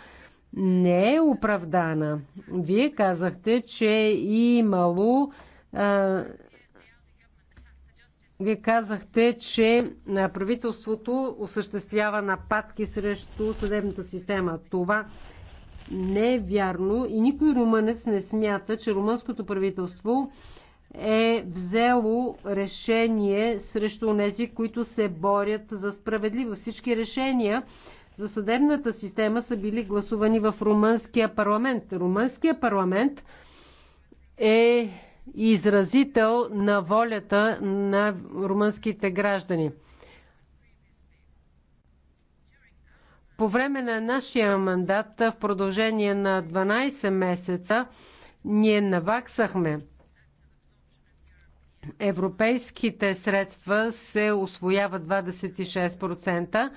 не е оправдана. Вие казахте, че е имало вие казахте, че правителството осъществява нападки срещу съдебната система. Това не е вярно и никой румънец не смята, че румънското правителство е взело решение срещу тези, които се борят за справедливост. Всички решения за съдебната система са били гласувани в румънския парламент. Румънския парламент е изразител на волята на румънските граждани. По време на нашия мандат в продължение на 12 месеца ние наваксахме. Европейските средства се освояват 26%,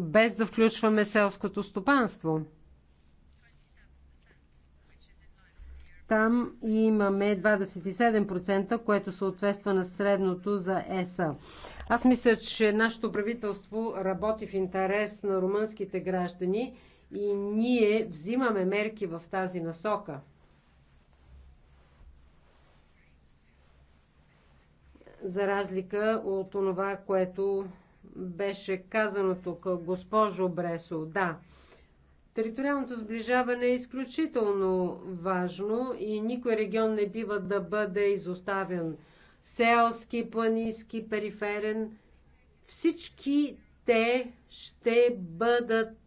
без да включваме селското стопанство. Там имаме 27%, което съответства на средното за ЕСА. Аз мисля, че нашето правителство работи в интерес на румънските граждани и ние взимаме мерки в тази насока. За разлика от това, което беше казано тук госпожо Бресо, да, Териториалното сближаване е изключително важно и никой регион не бива да бъде изоставен. Селски, планински, периферен. Всички те ще бъдат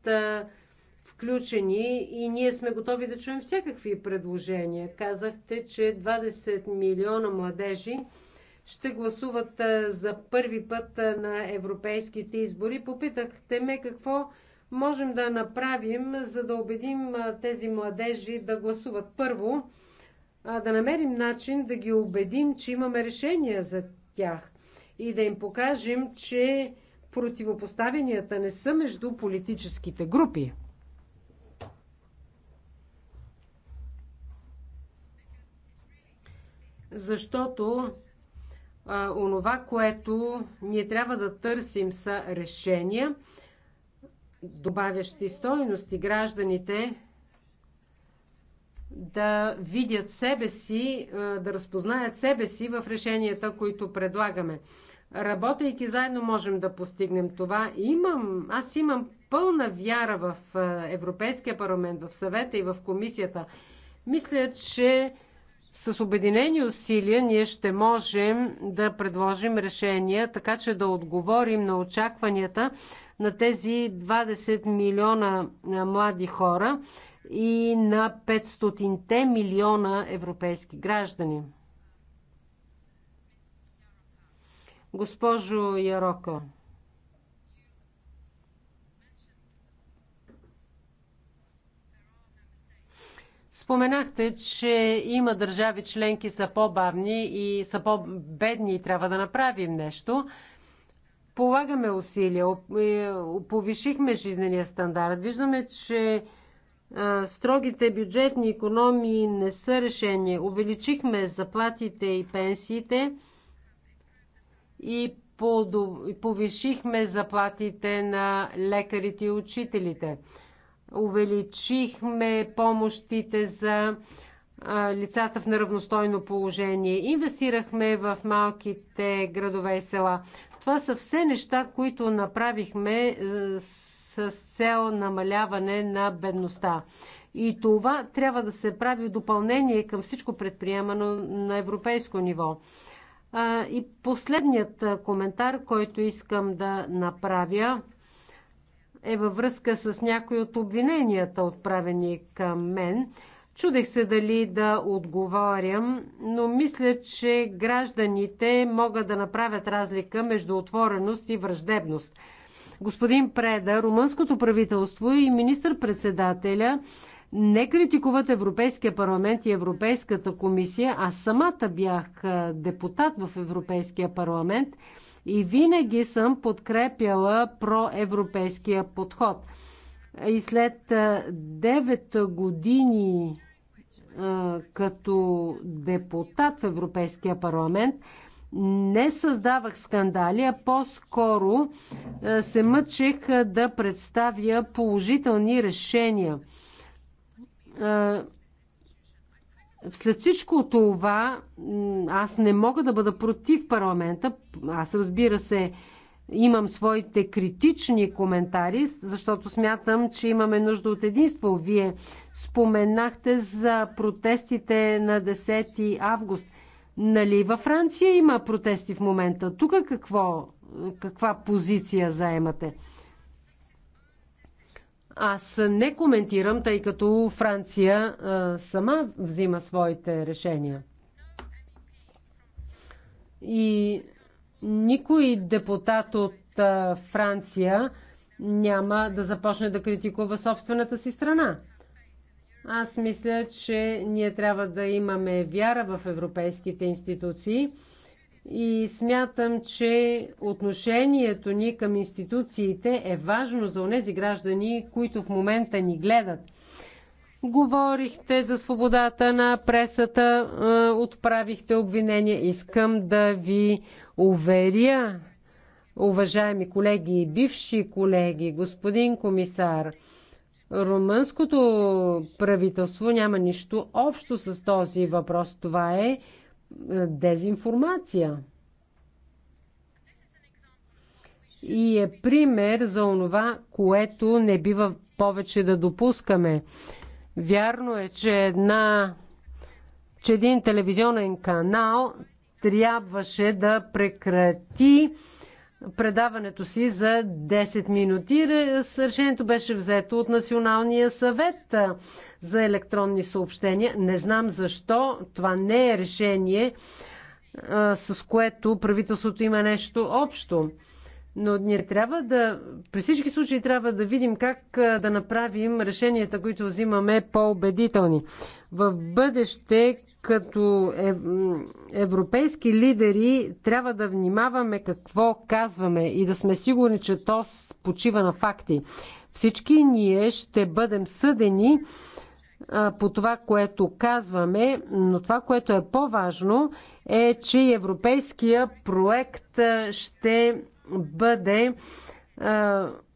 включени и ние сме готови да чуем всякакви предложения. Казахте, че 20 милиона младежи ще гласуват за първи път на европейските избори. Попитахте ме какво можем да направим, за да убедим тези младежи да гласуват? Първо, да намерим начин да ги убедим, че имаме решения за тях и да им покажем, че противопоставянията не са между политическите групи. Защото а, онова, което ние трябва да търсим са решения – добавящи стойности гражданите да видят себе си, да разпознаят себе си в решенията, които предлагаме. Работейки заедно можем да постигнем това. Имам, аз имам пълна вяра в Европейския парламент, в съвета и в комисията. Мисля, че с обединени усилия ние ще можем да предложим решения, така че да отговорим на очакванията на тези 20 милиона млади хора и на 500-те милиона европейски граждани. Госпожо Яроко, Споменахте, че има държави членки са по-бавни и са по-бедни и трябва да направим нещо полагаме усилия, е, повишихме жизнения стандарт. Виждаме, че строгите бюджетни економии не са решение. Увеличихме заплатите и пенсиите и повишихме заплатите на лекарите и учителите. Увеличихме помощите за лицата в неравностойно положение. Инвестирахме в малките градове и села. Това са все неща, които направихме е, с цел намаляване на бедността. И това трябва да се прави в допълнение към всичко предприемано на европейско ниво. и последният коментар, който искам да направя, е във връзка с някои от обвиненията, отправени към мен. Чудех се дали да отговарям, но мисля, че гражданите могат да направят разлика между отвореност и враждебност. Господин Преда, румънското правителство и министър-председателя не критикуват Европейския парламент и Европейската комисия. Аз самата бях депутат в Европейския парламент и винаги съм подкрепяла проевропейския подход – и след 9 години като депутат в Европейския парламент, не създавах скандали, а по-скоро се мъчех да представя положителни решения. След всичко това, аз не мога да бъда против парламента. Аз, разбира се, имам своите критични коментари, защото смятам, че имаме нужда от единство. Вие споменахте за протестите на 10 август. Нали във Франция има протести в момента? Тук какво, каква позиция заемате? Аз не коментирам, тъй като Франция а, сама взима своите решения. И никой депутат от Франция няма да започне да критикува собствената си страна. Аз мисля, че ние трябва да имаме вяра в европейските институции и смятам, че отношението ни към институциите е важно за онези граждани, които в момента ни гледат. Говорихте за свободата на пресата, отправихте обвинения. Искам да ви уверя, уважаеми колеги и бивши колеги, господин комисар, румънското правителство няма нищо общо с този въпрос. Това е, е дезинформация. И е пример за онова, което не бива повече да допускаме. Вярно е, че една че един телевизионен канал трябваше да прекрати предаването си за 10 минути. Решението беше взето от Националния съвет за електронни съобщения. Не знам защо това не е решение, с което правителството има нещо общо. Но ние трябва да, при всички случаи трябва да видим как да направим решенията, които взимаме по-убедителни. В бъдеще като европейски лидери трябва да внимаваме какво казваме и да сме сигурни, че то почива на факти. Всички ние ще бъдем съдени по това, което казваме, но това, което е по-важно, е, че европейския проект ще бъде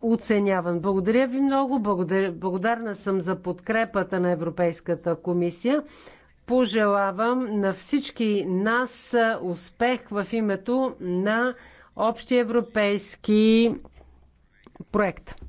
оценяван. Благодаря ви много. Благодаря, благодарна съм за подкрепата на Европейската комисия пожелавам на всички нас успех в името на общия европейски проект.